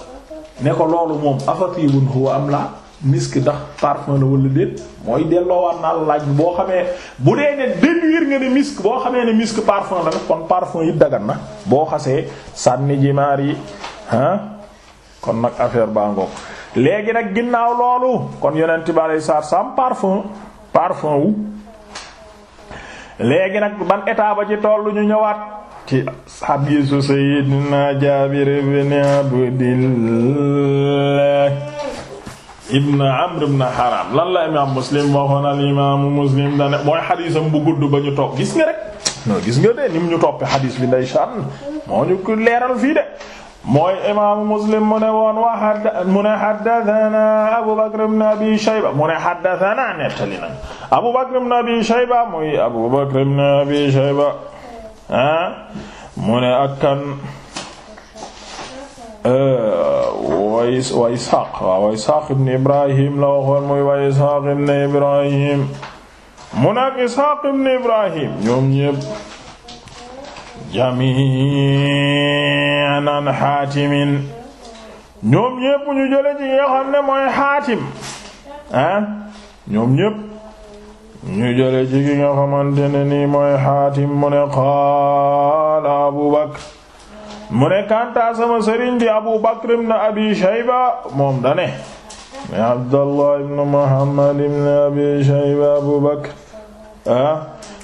ne ko loolu moom afatibun huwa am la misk ndax parfum la wala déet mooy delloowaat naa laaj bi boo xamee bu dee ne déduire nga ne misk boo xamee ne misk parfum la kon parfum yi dagan na boo xasee sànni jimaar yi ah kon nag affaire baa léegi nag ginnaaw loolu kon yonent bi alei saatu salam parfum parfum wu léegi nag ban état ba ci tollu ñu ñëwaat ci xadiisu Seydina Jaabir ibn Abdillah ibn Amr ibn Haram lan la imaam Muslim waxoon al imaamu Muslim dane mooy xadiisam bu gudd ba ñu topp gis nga rek non gis nga de ni mu ñu toppee xadiis bi ndeysaan moo ñu ko leeral fii mooy imaamu Muslim mu wa hadda mu ne haddathana Abu Bakr Abu Bakr ibn Abi Shayba mooy Abu Bakr ibn Abi Shayba ah mu ne ak kan wa eh, wa Isxaaq waaw wa Isxaaq ibn Ibrahim la waxoon muy wa Isxaaq ibn Ibrahim mu ne ak Isxaaq ibn Ibrahim ñoom ñépp jami'an an Haatimin ñoom ñépp ñu jële ci nga xam ne mooy Haatim ah ñoom ñépp ñu jële ci ki nga xamante ne nii mooy xaatim mu ne abu bakr mu ne kantaa sama di abu bakr ibn abi shayba moom dane ne abdallah ibn muhammad ibn abi shayba abu bakr ah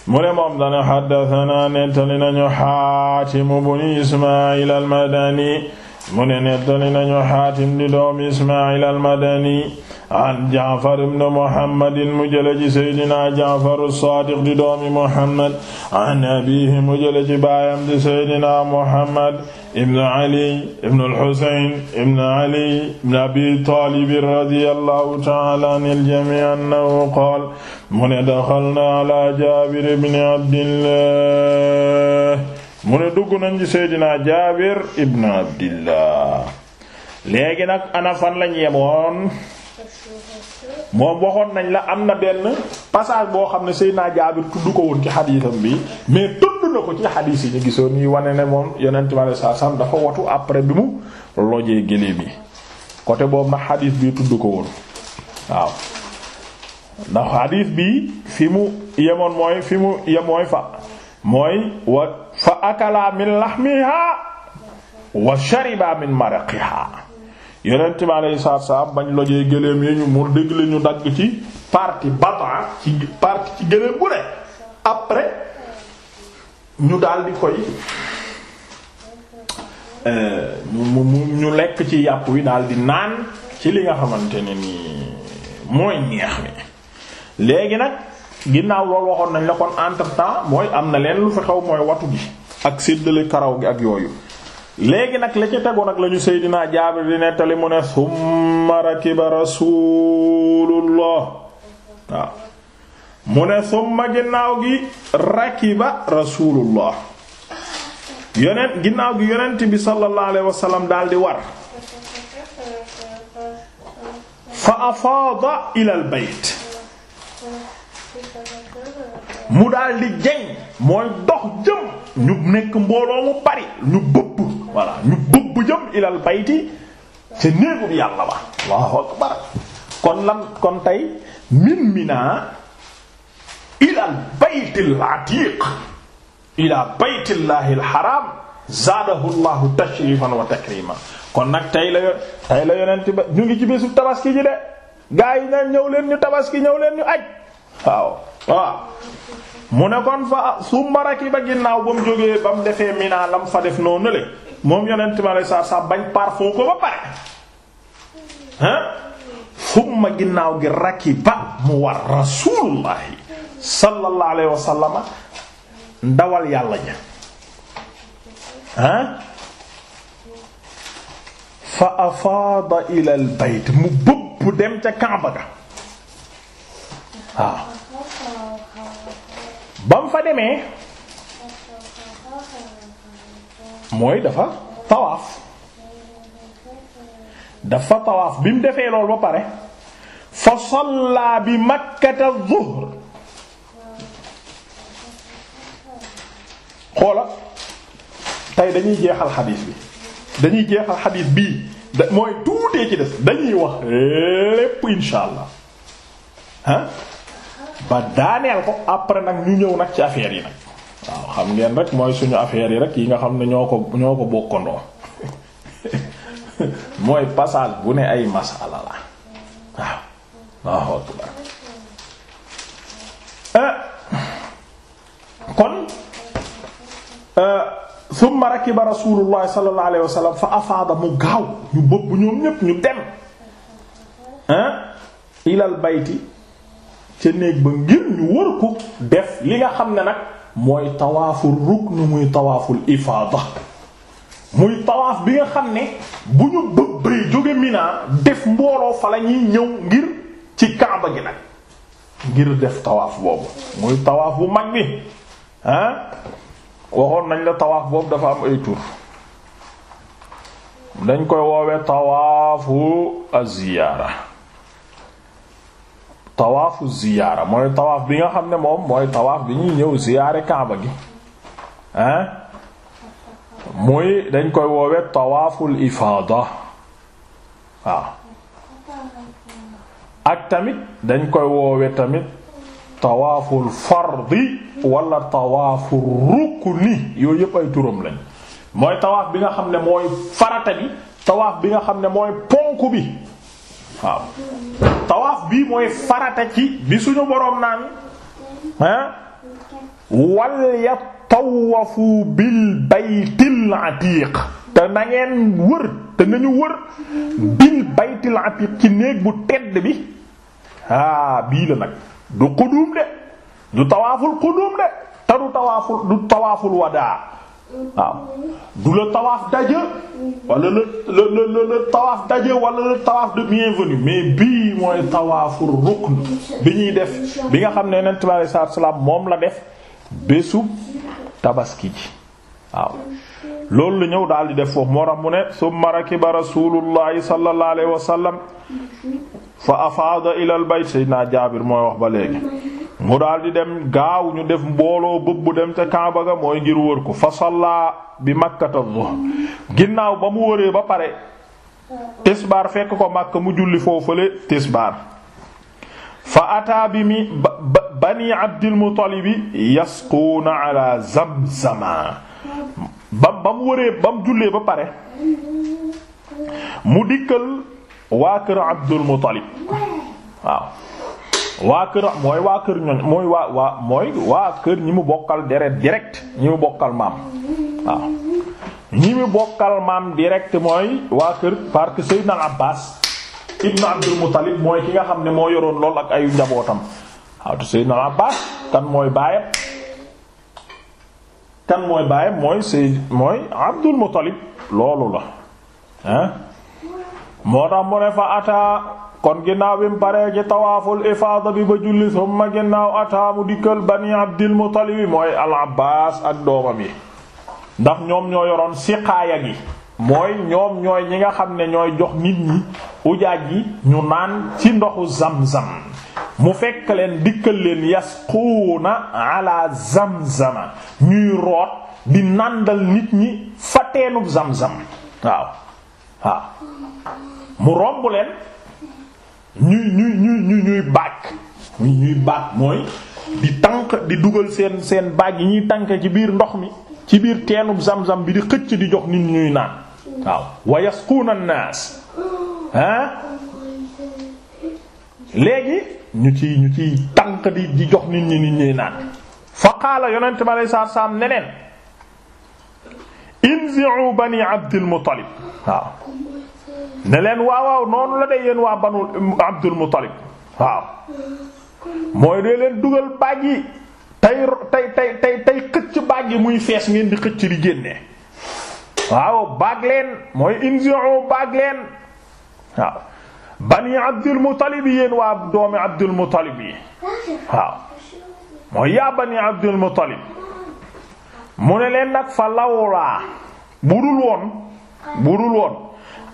mu ne moom dane xaddatanaa nettali nañu xaatim ibn ismail al madani mu ne nettali nañu xaatim di doomi ismail almadani an jaafar ibn muhammadin mu jële ci seydina jaafaru saadiq di doomi muhammad an abihi mu jële ci baayam di seydina muhammad ibn ali ibn alhusayn ibn ali ibn abi taalib radiyallahu ta'ala anil jami' annahu qaala mu ne daxalna ala jaabir ibn abdillah mu ne dugg nañ ci seydinaa jaabir ibn abdillah léegi nag ana fan lañ yemoon moom waxoon nañ la am na benn passage boo xam ne seydinaa jaabir tudd ko woon ci xadiisam bi mais tudd na ko ci xadiis yi ñu gisoon yi wane ne moom yonent bi alayhi salaam dafa watu après bi mu lojee géléem yi côté boobu nag xadiis bi tudd ko woon waaw ndax xadiis bi fi mu yemoon mooy fi mu yem fa mooy wa fa akala min lahmiha wa shariba min maraqiha yonent bi alayhi salaatu salaam bañ lojee gëléem yi ñu mu dégg la ñu dagg ci partie batan ci partie ci gëléem bu ne après ñu daal di koy euh, mu mu ñu lekk ci yàpp wi daal di naan ci li nga xamante ne nii mooy ñeex mi léegi nag ginnaaw loolu waxoon nañ la kon entre temps mooy am na leen lu fi xew mooy watu gi ak séddale karaw gi ak yooyu léegi nag la ci tegoon ak la ñu Seydina Jaabir di nettali mu ne summa rakiba rasulullah waaw mu ne summa ginnaaw gi rakiba rasulullah yonent ginnaaw gi yonent bi sallallahu alayhi wasallam daal di war fa afaada ila al bayt mu dal di jeng mooy dox jëm ñu nekk mbooloo mu bari ñu bëbb voilà ñu bëbb jëm ilal bayti ca néegu bi yàlla ba allahu akbar kon lan kon tey min mina ilal baytil atiq ila baytillahi alxaram zaadahu llahu tashrifan wa takrima kon nag tey la tey la yonent ba ñu ngi ci bésu tabaski ji de gaa yi naan ñëw leen ñu tabaski ñëw leen ñu aj waaw waaw mu ne kon fa summa rakiba ginnaaw ba mu jógee ba mu defee Mina lam fa def noonu le moom yonent ma lay sa sa bañ parfum ko ba pare ah summa ginnaaw gi rakiba mu war rasulullahi sallallahu alayhi wa ndawal yàlla ja ah fa afaada ila al mu bëpp dem ca Kaaba ga waaw ah. ba mu fa demee mooy dafa tawaaf dafa tawaaf bi mu defee loolu ba pare fa salla bi makkata zuhr xoola tey dañuy jeexal xadiis bi dañuy jeexal xadiis bi da mooy tuutee ci des dañuy wax lépp insha allah ba daaneel ko après nag ñu ñëw nag ci affaire yi nag waaw xam ngeen rek mooy suñu affaire yi rek yi nga xam ne ñoo ko ñoo ko bokkandoo mooy passage bu ne ay masala la waaw waaw eh. kon summa eh, rakiba rasulullah sallallahu alayhi wa sallam fa afaada mu gaaw ñu bëbb ñoom ñépp ñu dem eh, ilal bayti ca néeg ba ngir ñu wër ko def li nga xam ne nag mooy tawaaful rukn muy tawaaful ifaada muy tawaaf bi nga xam ne bu ñu bëbëree jóge Mina def mbooloo fa la ñëw ngir ci Kaaba gi nag ngir def tawaaf boobu muy tawaaf bu mag bi ah waxoon nañ la tawaaf boobu dafa am ay tur dañ koy woowee tawaafu aziyaara tawaafu ziyaara mooy tawaaf bi nga xam ne moom mooy tawaaf bi ñuy ñëw ziyaare kaaba gi ah dañ koy woowee tawaaful ifaada waaw ak tamit dañ koy woowee tamit tawaaful fardi wala tawaaful rukni yëpp ay turam lañ mooy tawaaf bi nga xam ne mooy farata bi tawaaf bi nga xam ne mooy ponk bi waaw tawaaf bii mooy farata ci bi suñu boroom naan ah wal yatawafu bil baytil atiq te na ngeen wër te nañu wër bil baytil atiq ci néeg bu tedd bi ah bii la nag du quduum de du tawaaful quduum de te du tawaaful du tawaaful wadaa waaw du la tawaaf daje wala la la la tawaaf daje wala la tawaaf de bienvenue mais bii mooy tawaafu rukn bi ñuy def bi nga xam ne yonent bi alayhi salaatu salaam moom la def bésu tabaski ji waaw loolu la ñëw daal di def foofu moo tax mu ne summa rakiba rasulullahi sallallahu alayhi fa afaada ila al bayt sayyidina Jaabir mooy wax ba léegi mu daal di dem gaaw ñu def mbooloo bëbb dem ca Kaaba ga mooy ngir wër ko fa salla bi makkata zuhr ginnaaw ba mu wëree ba pare tisbaar fekk ko makk mu julli foofale tisbaar fa ataa bi mi bani Abdil Muttalib yasquuna ala zamzama ba ba mu wëree ba mu jullee ba pare mu dikkal waa kër Abdul Muttalib waaw waa kër mooy waa kër ñoñ mooy waa waa mooy waa kër ñi mu bokkal deret direct ñi mu bokkal maam waaw ñi mu bokkal maam direct mooy waa kër parce que Seydina Abbas ibn Abdul Muttalib mooy ki nga xam ne moo yoroon lool ak ayu njabootam waaw te Seydina Abbas kan mooy baayam kan mooy baayam mooy Seyd mooy Abdul Muttalib loolu la ah moo tax mu ne fa ata kon ginnaaw bi mu paree ci tawaaful ifaada bi ba julli summa ginnaaw ataamu dikkal bani abdil muttalib bi mooy al abbaas ak doomam yi ndax ñoom ñoo yoroon siqaaya gi mooy ñoom ñooy ñi nga xam ne ñooy jox nit ñi ujaaj yi ñu naan ci ndoxu zamzam mu fekk leen dikkal leen yasquuna ala zamzama ñuy root di nàndal nit ñi fa teenub zamzam waaw waaw mu romb leen ñuy ñuy ñuy ñuy ñuy baag ñuy baag mooy di tànk di dugal seen seen baag yi ñuy tànk ci biir ndox mi ci biir teenub zam-zam bi di xëcc di jox nit ñuy naan waaw wa yasquna an-nas ah léegi ñu ci ñu ci tànk di di jox nit ñi nit ñuy naan fa qaala yonente bi alei saatu salaam neneen inzi'u bani abdil muttalib waaw ne leen waaw noonu la de yéen waa banu Abdul Muttalib waaw mooy dee dugal baaj yi tey tey tey tey tey baaj yi muy fees ngeen di xëcc di génne waaw baag leen mooy inzi'u baag leen waaw bani Abdul Muttalib yéen waa doomi Abdul Muttalib yi waaw mooy yaa bani Abdul Muttalib mu ne leen nag fa lawlaa budul woon budul woon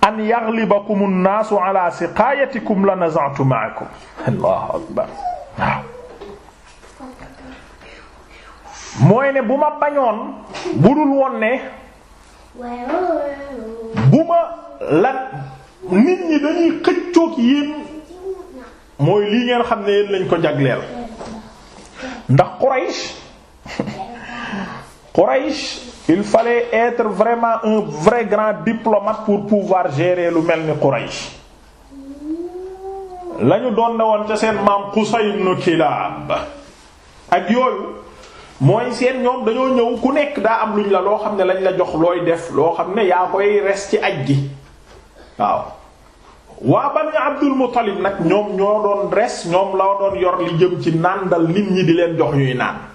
an yaghlibakum an-naasu siqaayatikum la naza'tu ma'akum mooy ne bu ma bañoon budul woon ne bu ma lan nit ñi dañuy xëccoog yéen mooy lii ngeen xam ne yéen lañ ko jagleel ndax Quraysh Quraysh il fallait être vraiment un vrai grand diplomate pour pouvoir gérer lu mel ni Quraysh la doon ne woon ca seen maam Qusay ibn Kilab ak yooyu mooy seen ñoom dañoo ñëw ku nekk daa am luñ la loo xam ne lañ la jox looy def loo xam ne yaa koy res ci aj gi waaw waa Bani Abdul Muttalib nag ñoom ñoo doon res ñoom la doon yor li jëm ci nàndal nit ñi di leen jox ñuy naan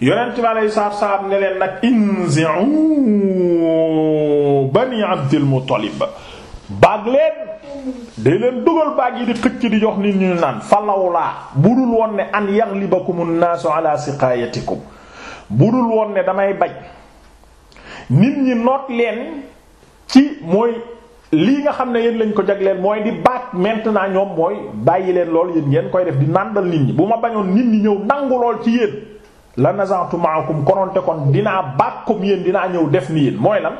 yonent bi alayhi salaatu salaam ne leen nag inzi'u bani Abdul Muttalib baag leen day leen dugal baag yi di xëcc di jox nit ñu naan falawlaa budul woon ne an yaghlibakum an-naasu ala siqaayatikum budul woon ne damay bañ nit ñi noot leen ci mooy lii nga xam ne yéen lañ ko jagleel mooy di baag maintenant ñoom mooy bàyyi leen lool yéen ngeen koy def di nàndal nit ñi bu ma bañoon nit ñi ñëw nangu lool ci yéen. la nazantu maakum kononte kon dinaa baag comme dinaa ñëw def nii yéen mooy lan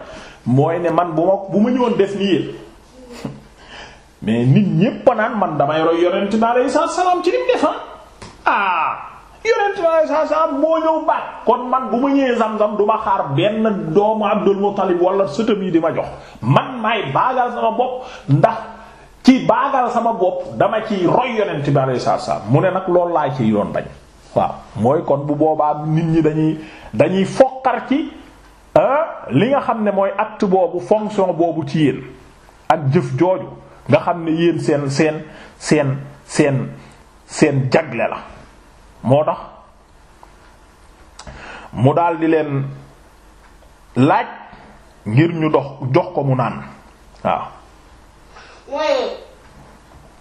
mooy ne man bu ma bu ma ñëwoon def nii yéen mais nit ñépp naan man damay roy yonent bi aleyhi salaatu salaam ci lim def ah. Ah, moo ñëw baag kon man bu ma ñëwee zam-zam duma xaar benn doomu Abdul Muttalib wala sëtam yi di ma jox man may baagal sama bopp ndax ci baagal sama bopp dama ci roy yonent bi aleyhi salaatu mu ne nag loolu laa ci yoon bañ. waaw mooy kon bu boobaa nit ñi dañuy dañuy foqar ci li nga xam ne mooy acte boobu fonction boobu ci yéen ak jëf jooju nga xam ne yéen seen seen seen seen seen jagle la moo tax mu daldi leen laaj ngir ñu dox jox ko mu naan waaw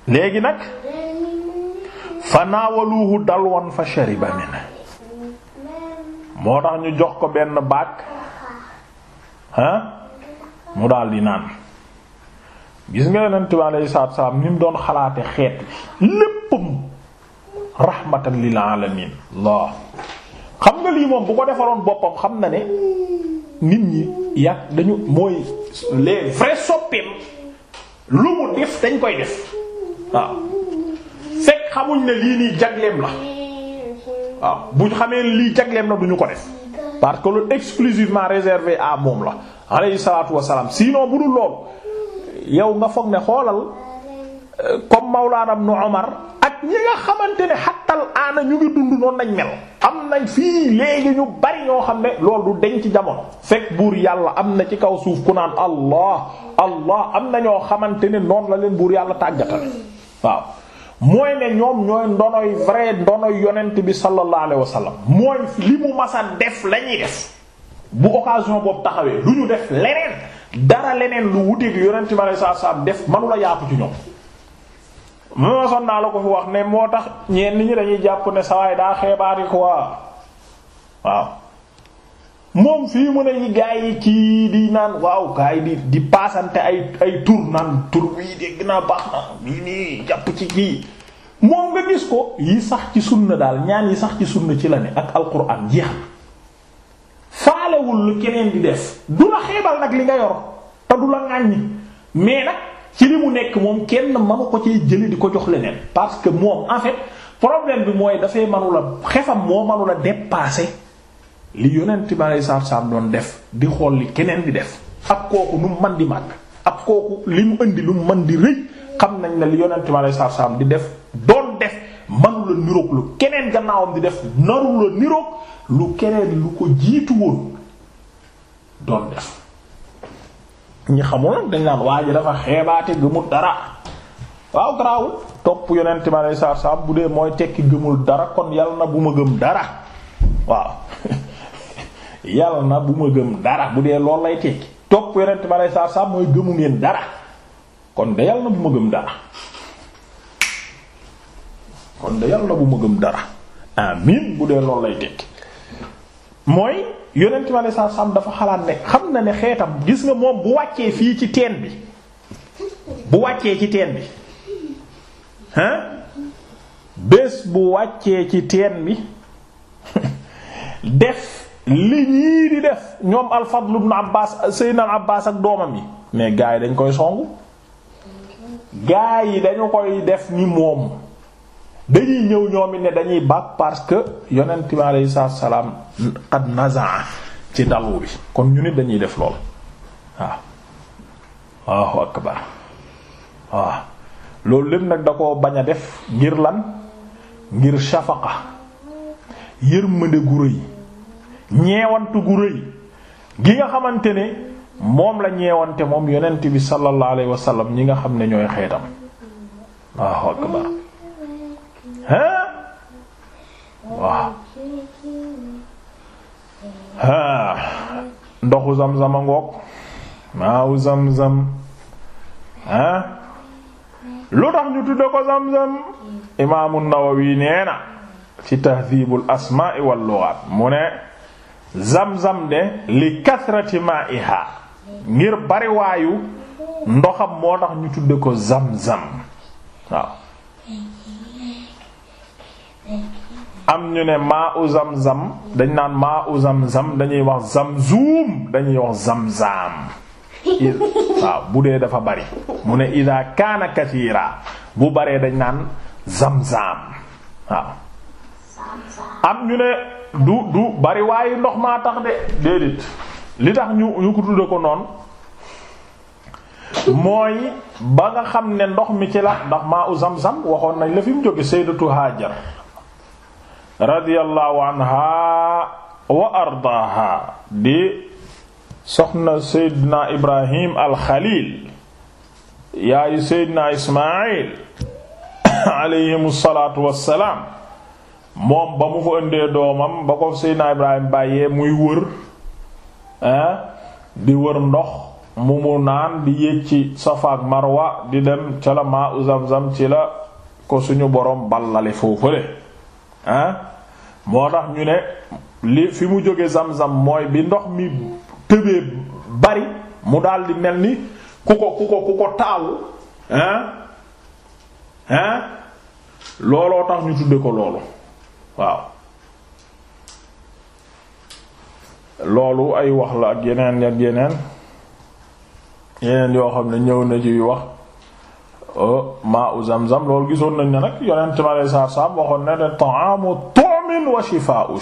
léegi nag fa naawaluuhu dalwan fa shariba min moo tax ñu jox ko benn baag ah mu daal di naan gis nga yonent bi alayhi salaatu salaam ni mu doon xalaate xeet léppam rahmatan lil alamin xam nga lii moom bu ko defaloon boppam xam na ne nit ñi yàgg dañu mooy les vrais soppeem lu mu def dañ koy def waaw fekk xamuñ ne lii nii jagleem la waaw buñ xamee lii jagleem la duñu ko def parce que lu exclusivement réservé à moom la alayhi salaatu wasalaam sinon bu dul loolu yow nga foog ne xoolal euh, comme Mawlana nu Umar ak ñi nga xamante ne xattal aana ñu ngi dund noon nañ mel. am nañ fii léegi ñu bari ñoo xam ne loolu du denc ci jamono. fekk buur yàlla am na ci kaw suuf ku naan Allah Allah am na ñoo xamante ne noonu la leen buur yàlla tàggatal waaw. mooy ne ñoom ñooy ndonoy vrai ndonoy yonent bi sallallahu alayhi wa sallam mooy li mu masa def la ñuy def bu occasion boobu taxawee du ñu def leneen dara leneen lu wuteeg yonent bi sallallahu alayhi wa def manula yaatu ci ñoom mo son naa la ko fi wax ne moo tax ñeen ñi dañuy jàpp ne sawaay daa xeebaari quoi waaw moom fii mu ne gaa yi ci di naan waaw gaa di di paasante ay ay tur naan tur bii dégg naa baax na bii nii jàpp ci kii moom nga gis ko yi sax ci sunna daal ñaan yi sax ci sunna ci la ne ak alquran jeex faalewul keneen di def du la xeebal nag li nga yor te du la ŋàññi mais nag ci li mu nekk moom kenn mënu ko ci jëli di ko jox leneen parce que moom en fait problème bi mooy dafay mënu la xefam moo mënu la dépasser li yonent bi aleyhi salaatu salaam doon def di xool li keneen di def ak kooku nu mu mën di màgg ak kooku li mu indi lu mu mën di rëy xam nañ ne li yonent bi aleyhi salaatu salaam di def doon def mënu la niroog lu keneen gannaawam di def naru la niroog lu keneen lu ko jiitu woon doon def ñi xamul dañ naan waa ji dafa xeebaate gëmul dara waaw garaawul topp yonent bi aleyhi salaatu salaam bu dee mooy tekki gëmul dara kon yal na bu ma gëm dara waaw yàlla na bu ma gëm dara bu dee loolu lay tekki topp yonent ba lay saar saar mooy gëmu ngeen dara kon de yàlla na bu ma gëm dara kon de yàlla na bu ma gëm dara amin bu dee loolu lay tekki mooy yonent ba lay saar saar dafa xalaat ne xam na ne xeetam gis nga moom bu wàccee fii ci teen bi bu wàccee ci teen bi hein bés bu wàccee ci teen bi def li ñii di def ñoom al-Fadl ibn Abbas Seydina Abbas ak doomam yi mais gaa yi dañ koy songu gaa yi dañu koy def ni moom dañuy ñëw ñoom it ne dañuy bàq parce que yonent bi alayhi salaam qad nazaa ci dalu bi kon ñu nit dañuy def lool waaw Allahu akbar waaw loolu lépp nag da koo bañ a def ngir lan ngir shafaqa yërmande gu rëy ñeewantu gu rëy gi nga xamante ne moom la ñeewante moom yonent bi sallallahu alayhi wa ñi nga xam ne ñooy xeetam waaw akbar ah waaw ah ndoxu zam-zam a ngoog maawu zam-zam ah lu tax ñu tudde ko zam-zam imaamu Nawawi nee na ci tahdhibul asmaa'i wal lughat mu ne zam-zam de li kasrati ma'iha ngir bariwaayu ndoxam moo tax ñu tudde ko zam-zam waaw am ñu ne maa'u zam-zam dañ naan maa'u zam-zam dañuy wax zamzuum dañuy wax zam-zam waaw bu dee dafa bari mu ne ida kaana kasiira bu baree dañ naan zam-zam waaw am ñu ne du du bari waaye ndox maa tax de déedéet li tax ñu ñu ko tudde ko noonu mooy ba nga xam ne ndox mi ci la ndax maa u zam-zam waxoon nañ la fi mu jóge sayyidatu Hajar radiyallahu anha wa ardaha di soxna Seydina Ibrahim al-Khalil yaayu Seydina Ismaïl alayhimu salaatu wassalaam moom ba mu fa indee doomam ba ko Seydina Ibrahim bàyyee muy wër di wër ndox mu mu naan di yéeg ci Safa Marwa di dem ca la maa u Zamzam ci la ko suñu borom ballale foofale ah moo tax ñu ne li fi mu jóge Zamzam mooy bi ndox mi tëbee bari mu daldi mel ni ku ko ku ko ku ko taawu ah looloo tax ñu tudde ko loolu waaw loolu ay wax la ak yeneen yeneen yeneen yoo xam ne ñëw na ci wax maa u zamzam loolu gisoon nañ ne nag yonent ma lay saar saab waxoon ne ne ta'amu tu'min wa shifaa'u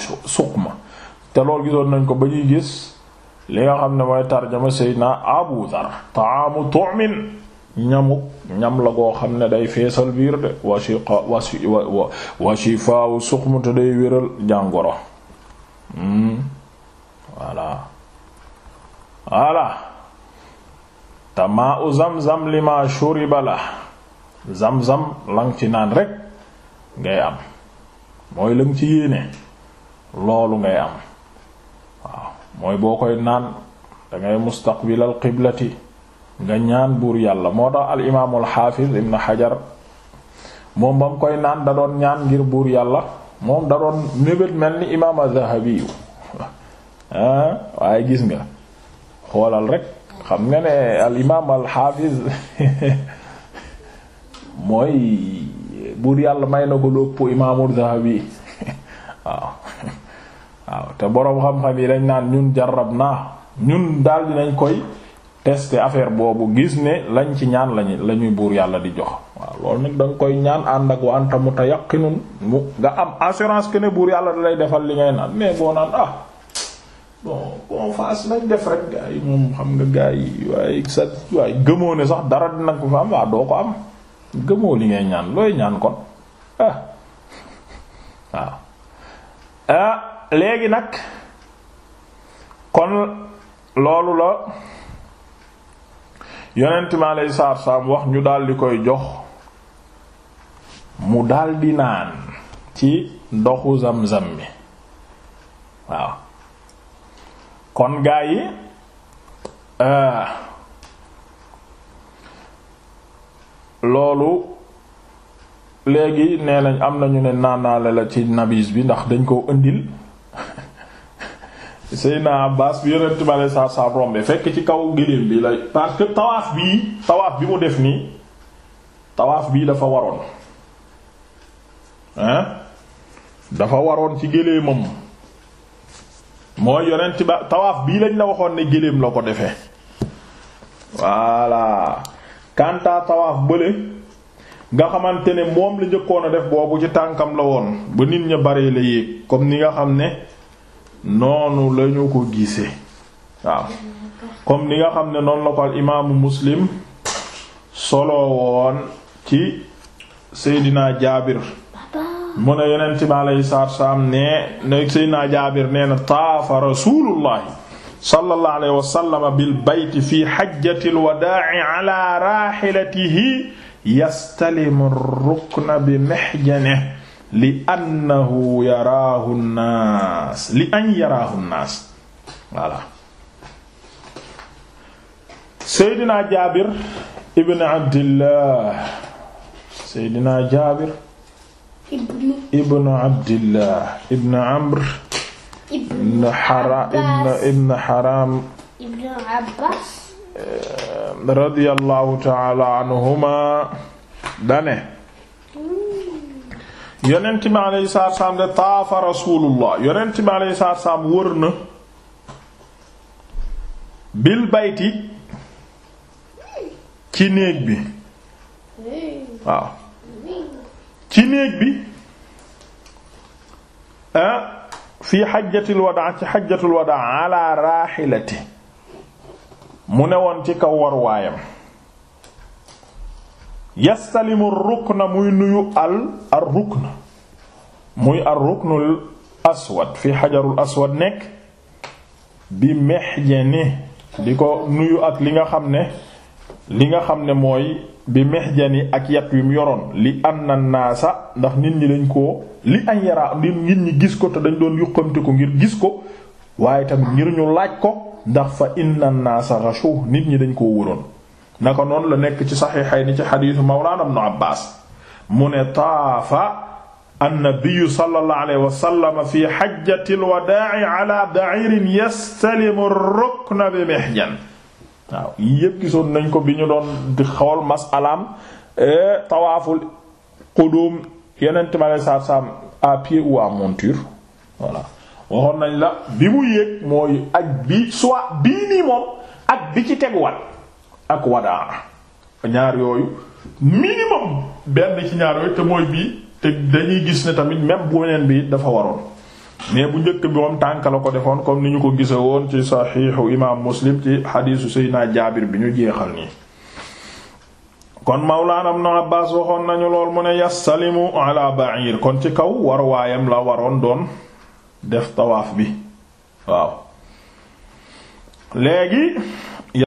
te loolu gisoon nañ ko ba ñuy gis li yoo xam ne mooy tarjama sayyidina Abu Dhar ta'amu tu'min ñamu ñam la goo xam ne day feesal biir de wa shiqa wa wa shifaawu day wéral jàngoro hmm. voilà voilà te maa u zam-zam li ma shuriba zam-zam lang ci naan rek ngay am mooy lang ci yéene loolu ngay am waaw mooy boo koy naan dangay mustaqbilal qiblati nga ñaan buur yàlla moo tax al imaamul xaafiz ibn xajar moom ba mu koy naan da doon ñaan ngir buur yàlla moom da doon mébét mel ni ah, gis nga xoolal rek yàlla may na ko lépp imaamul zahabi waaw waaw te boroom xam-xam yi dañ naan ñun jarab naa ñun daal dinañ koy tester affaire boobu gis ne lañ ci ñaan lañu la ñuy buur yàlla di jox waaw loolu nag da koy ñaan ànd ak wa anta mutayaqinun mu nga am assurance que ne buur yàlla da lay defal li ngay naan mais boo naan ah bon qu'on xam nga gars yi waaye sa sax dara dina ko doo ko am gëmoo ñaan looy ñaan kon ah. Ah, léegi nag kon loolu la. yonent mi alayhi salaatu salaam wax ñu daldi koy jox mu daldi naan ci ndoxu zamzam mi waaw kon gaa yi euh, loolu léegi nee nañ am nañu ne naanaale la ci nabis bi ndax dañ koo indil Seydina baas bi yonent bi aleyhi salaatu salaam rombe fekk ci kaw gëléem bii la parce que tawaaf bii tawaaf bi mu def nii tawaaf bii dafa waroon dafa waroon ci gëléemam mooy yonent ba tawaaf bii lañ la waxoon ne gëléem la ko defe voilà kanta tawaaf bële nga xamante ne moom la njëkkoon a def boobu ci tànkam la woon ba nit ña bare la yéeg comme ni nga xam ne noonu lañu ko gisee waaw comme ni nga xam ne noonu la ko al imaamu muslim solo woon ci seydinaa jaabir mu ne yonent bi alayhi salaatu salaam ne ne seydinaa jaabir nee na taafa rasuulullahi sallallahu alayhi wa sallam bil bayti fi hajjatil wadaa'i ala raahilatihi yastalimu rukna bi mihjanihi li annahu yaraahu nnaas li an yaraahu nnaas voilà seydina jaabir ibn abdillah seydina jaabir ibn abdillah ibn amr ibn haram ibn haram ibn abbas eh, radiyallahu ta'ala anhuma dane yonent mi alayhi salaatu salaam de taafa rasulullah yonent mi alayhi salaatu wër na bil bayti ci néeg bi waaw ci néeg bi ah, fii xajjatul wadaa ci xajjatul wadaa ala raaxilati mu ne woon ci kaw war waayam yastalimu rukna muy nuyu al ar rukna muy ar-ruknul aswad fi xajarul aswad nekk bi mexjani di ko nuyu ak li nga xam ne li nga xam ne mooy bi mexjani ak yat wi mu yoroon li anna naasa ndax nit ñi dañ ko li an yaraa nit ñi gis ko te dañ doon yuqamte ko ngir gis ko waaye tamit ngir ñu laaj ko ndax fa inna naasa rashu nit ñi dañ ko koo wëroon ko noonu la nekk ci saxiixay ni ci xadiisu mawlaana ibnu abbaas mu ne taafa annabiyu sallallahu alayhi wa sallam fi hajjatil wadaa'i ala ba'irin yastalimu rukna bi mihjan waaw yii nañ ko bi ñu doon di xool masalaam e, tawaaful qudum yeneen tamale saabsaab à pied ou à monture voilà waxoon nañ la bi mu yéeg mooy ak bi soit bii nii ak bi ci teguwaat ak wadaa ñaar yooyu minimum benn ci ñaar yooyu te mooy bii. te dañuy gis ne tamit même bu beneen bi dafa waroon mais bu njëkk bi moom tànk la ko defoon comme ni ñu ko gisa woon ci saxiixu imaam muslim ci xadiisu seydinaa jaabir bi ñu jeexal nii kon mawlaana na abbaas waxoon nañu lool mu ne yassalimu ala ba'ir kon ci kaw war waayam la waroon doon def tawaaf bi waaw léegi